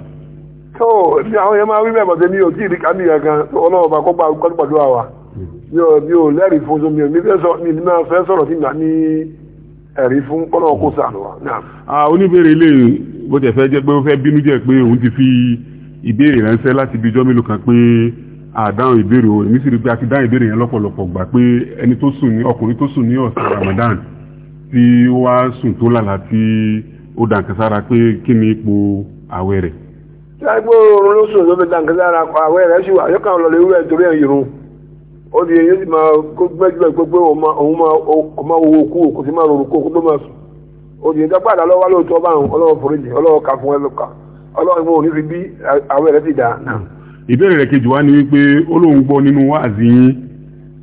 tó ní àwọn yẹn máa wí bẹ́ẹ̀ bọ̀dé mi ò tí ì rí kámi yẹn gan ọlọ́run bá kọ́ pàdé àwa mi ò mi ò lẹ́rìí fún mi ò mi fẹ́ sọ̀rọ̀ sí mi ní ẹ̀rí fún ọlọ́run kó sànù wa. oníbèrè ilé bó tẹ̀ fẹ́ jẹ́ pé ó fẹ́ bínú jẹ́ pé òun ti fi ìbéèrè ránṣẹ́ láti ibi ìjọ́ mélòó kan pé àdáhùn ìbéèrè o èmi sì rí pé a ti dáhùn ìbéèrè yẹn lọ́pọ̀lọpọ̀ gbà pé ẹni tó sùn ní ọkùnrin tó sùn ní ọ̀sán Ramadan tí ó wá sùn tó lálàá tí ó dànkására pé kí ni ipò àwẹ̀ rẹ̀. tí a oorun ló sùn ló fi àwẹ̀ rẹ̀ wà lọ́lẹ̀ ewúrẹ́ torí ẹ̀yìn run ó di èyí sì máa gbẹ́júgbẹ́ pé òun máa wo okú òkú sí máa rorò kó kó tó máa ìbéèrè rẹ̀ kejì wá ní wípé ó lóun gbọ́ nínú wáàzí yín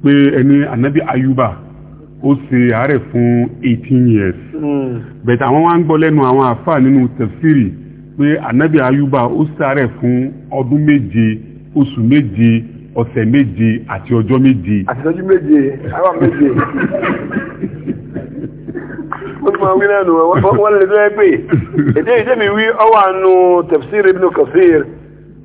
pé ẹni ànábì ayuba ó ṣe àárẹ̀ fún eighteen years hmm. bẹ̀tẹ̀ àwọn wá ń gbọ́ lẹ́nu àwọn àfà nínú tafsiri pé anabi ayuba ó ṣe àárẹ̀ fún ọdún méje oṣù méje ọ̀sẹ̀ méje àti ọjọ́ méje. wọ́n lè lọ́ẹ́ pé èdè ìjẹ́mi wí ọwọ́ àánú tafsir ibn Kathir.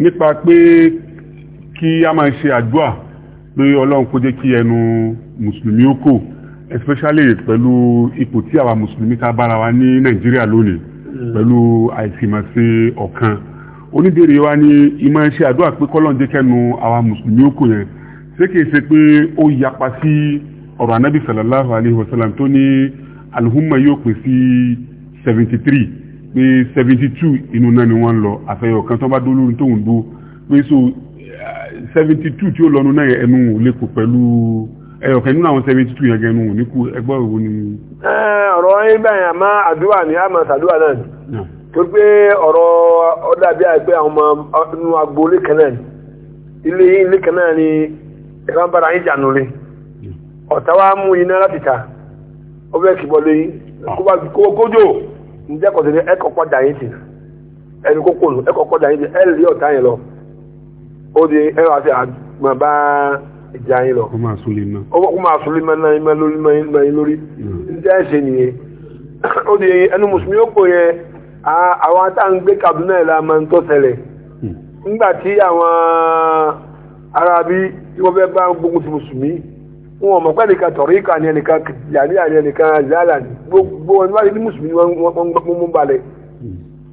nípa pé kí a máa ṣe àdúà pé ọlọ́run kó jẹ́ kí ẹnu mùsùlùmí ó kò especially pẹ̀lú ipò tí àwa mùsùlùmí ta bára wa ní nàìjíríà lónìí pẹ̀lú àìsìmọ̀sí ọ̀kan onídèrè wa ní ìmọ̀ ṣe àdúà pé kọ́lọ́n jẹ́ kẹ́nu àwa mùsùlùmí ó kò yẹn ṣé kìí ṣe pé ó yapa sí ọ̀rọ̀ anábì sallallahu alayhi wa tó ní alhumma yóò pè sí seventy three pé seventy two inú náà ni wọ́n lọ àfẹ́yọ̀ kan tó bá dó lórí tóun dó pé so eh, seventy two tí ó lọ́nu náà ẹnu ò lè kó pẹ̀lú ẹyọ̀ kan nínú àwọn seventy two yẹn gan ẹnu ò ní kú ẹgbọ́ ìwo ni. ọ̀rọ̀ ibà yẹn àmọ́ àdúrà ni a máa ṣàdúrà náà ni tó pé ọ̀rọ̀ ọ̀dàbí àgbẹ̀ àwọn ọmọ inú agboolé kan náà ni ilé ilé kan náà ni ẹ̀rọ ń bára yín jà nulẹ̀ ọ̀tá wa mú iná láti ta ó kìbọ̀ lé yín ah. kó bá kó kójó ǹjẹ́ kò sí ní ẹ kọ́kọ́ dà yín sí ẹni kókó nù ẹ kọ́kọ́ dà yín sí ẹ lè ọ̀tá yẹn lọ ó di ẹ wá sí àgbọ̀n bá ìjà yín lọ. ó máa sún lè mọ. ó máa sún lè mọ náà yín mọ lórí mọ yín mọ yín lórí. Hmm. ǹjẹ́ ẹ nìyẹn ó di ẹnu mùsùlùmí ó pò yẹn àwọn atáǹgbé Kaduna ẹ̀ la máa ń tó ṣẹlẹ̀ hmm. nígbà tí àwọn arábí tí wọ́n fẹ́ bá gbógun ti mùsùlùmí wọn mọ̀ pé nìkan tọ̀ríkà ni ẹnìkan kìjàníyà ni ẹnìkan zala ni gbogbo wọn wáyé ní mùsùlùmí wọn gbọ́ mú balẹ̀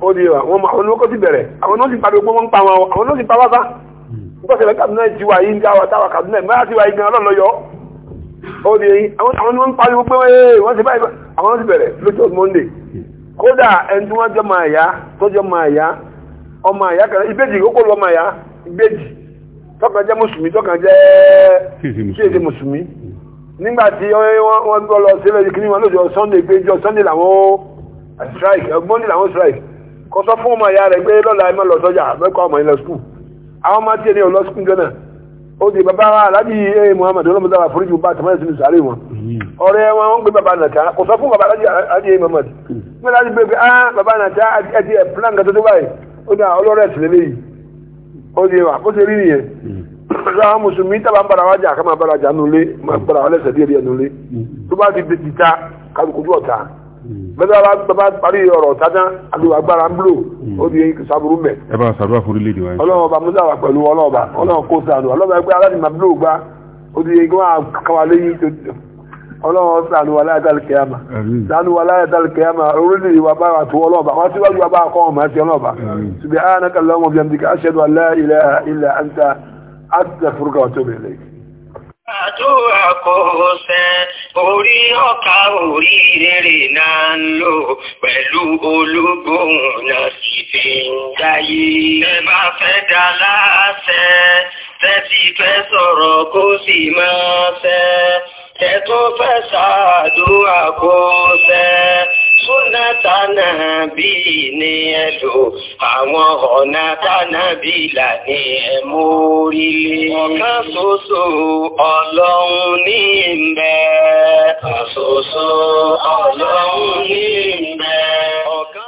ó di wa wọn àwọn olóko ti bẹ̀rẹ̀ àwọn náà ti pariwo pé wọ́n ń pa wọn àwọn náà ti pa wá sá nígbàtí ẹ̀rọ kàdúnà ti wà yìí nígbà táwa kàdúnà ìmọ̀ àti wà yìí gan ọlọ́lọ́ yọ ó di yìí àwọn ni wọ́n ń pariwo pé wọ́n ti báyìí àwọn náà ti bẹ̀rẹ̀ lọ́jọ́ Monday kódà ẹni tí wọ́n jọ máa yá tó jọ máa yá ọmọ àyá kan ìbejì ó kó lọ máa yá ìbejì tọ́kàn jẹ́ mùsùlùmí tọ́kàn jẹ́ kíyèsí mùsùlùmí nígbà tí wọ́n gbọ́ lọ sílẹ̀ kí ni wọ́n lójọ sunday pé jọ sunday làwọn strike monday làwọn strike kò sọ fún ọmọ ìyá rẹ̀ pé lọ́la ẹ má lọ sọ́jà mẹ́kọ̀ọ́ ọmọ ilẹ̀ skul àwọn máa tiẹ̀ ní ọ̀lọ́ skul jọ́nà ó di bàbá aláàbí ẹ̀ muhammed ọlọ́mọdé àwọn àforíjì bá tẹ̀mọ́ ẹ̀sìn sàárè wọn hmm. ọ̀rẹ́ wọn ń gbé bàbá nàta kò sọ fún bàbá aláàbí ẹ̀ muhammed mẹ́ta ti gbé pé ah bàbá nàta ẹ̀ ti ẹ̀ plan kàtó tó báyìí ó dà ah, ọlọ́rẹ̀ ẹ̀sìn lélẹ́yìí ó di wa bó ṣe rí nìyẹn hmm. láwọn mùsùlùmí tábà ń bára wa jà ká máa bára jà nulẹ̀ máa hmm. bára wa lẹ́sẹ̀ díẹ̀ díẹ̀ nulẹ̀ hmm. tó bá ti ti ta kálukú tó ọ̀tá bẹ́ẹ̀ bá bá parí ọ̀rọ̀ tata àti agbára ń blò ó di sàbúrú mẹ́. ẹ bá sàbúrú àforí lédi wa. ọlọ́run ọba musa wà pẹ̀lú ọlọ́ọ̀ba ọlọ́run kó sànù ọlọ́ọ̀ba ẹgbẹ́ aládìmọ̀ blò gbá ó di ẹgbẹ́ wọn kàwálé yìí tó ọlọ́run sànù wà láyé dálì kẹyàmà sànù wà láyé dálì kẹyàmà orílẹ̀ ìwà bá wà tó ọlọ́ọ̀bà wọ́n tí wọ́n ti bá kọ́ ọmọ àti ọlọ́ọ̀bà subhanaka allahumma bihamdika ashhadu an la ilaha illa anta astaghfiruka wa atubu ilayk àdúrà tẹ́tí fẹ́ sọ̀rọ̀ kó sì máa fẹ́ ẹ̀tún fẹ́ ṣàdúrà kó ṣẹ súnátà náà bí ní ẹ̀lò àwọn ọ̀nà tánàbí lànà ẹ̀mú orílẹ̀. ọ̀kan ṣoṣo ọlọ́run ní ìbẹ̀. ọ̀kan ọlọ́run ní ìbẹ̀. ọ̀kan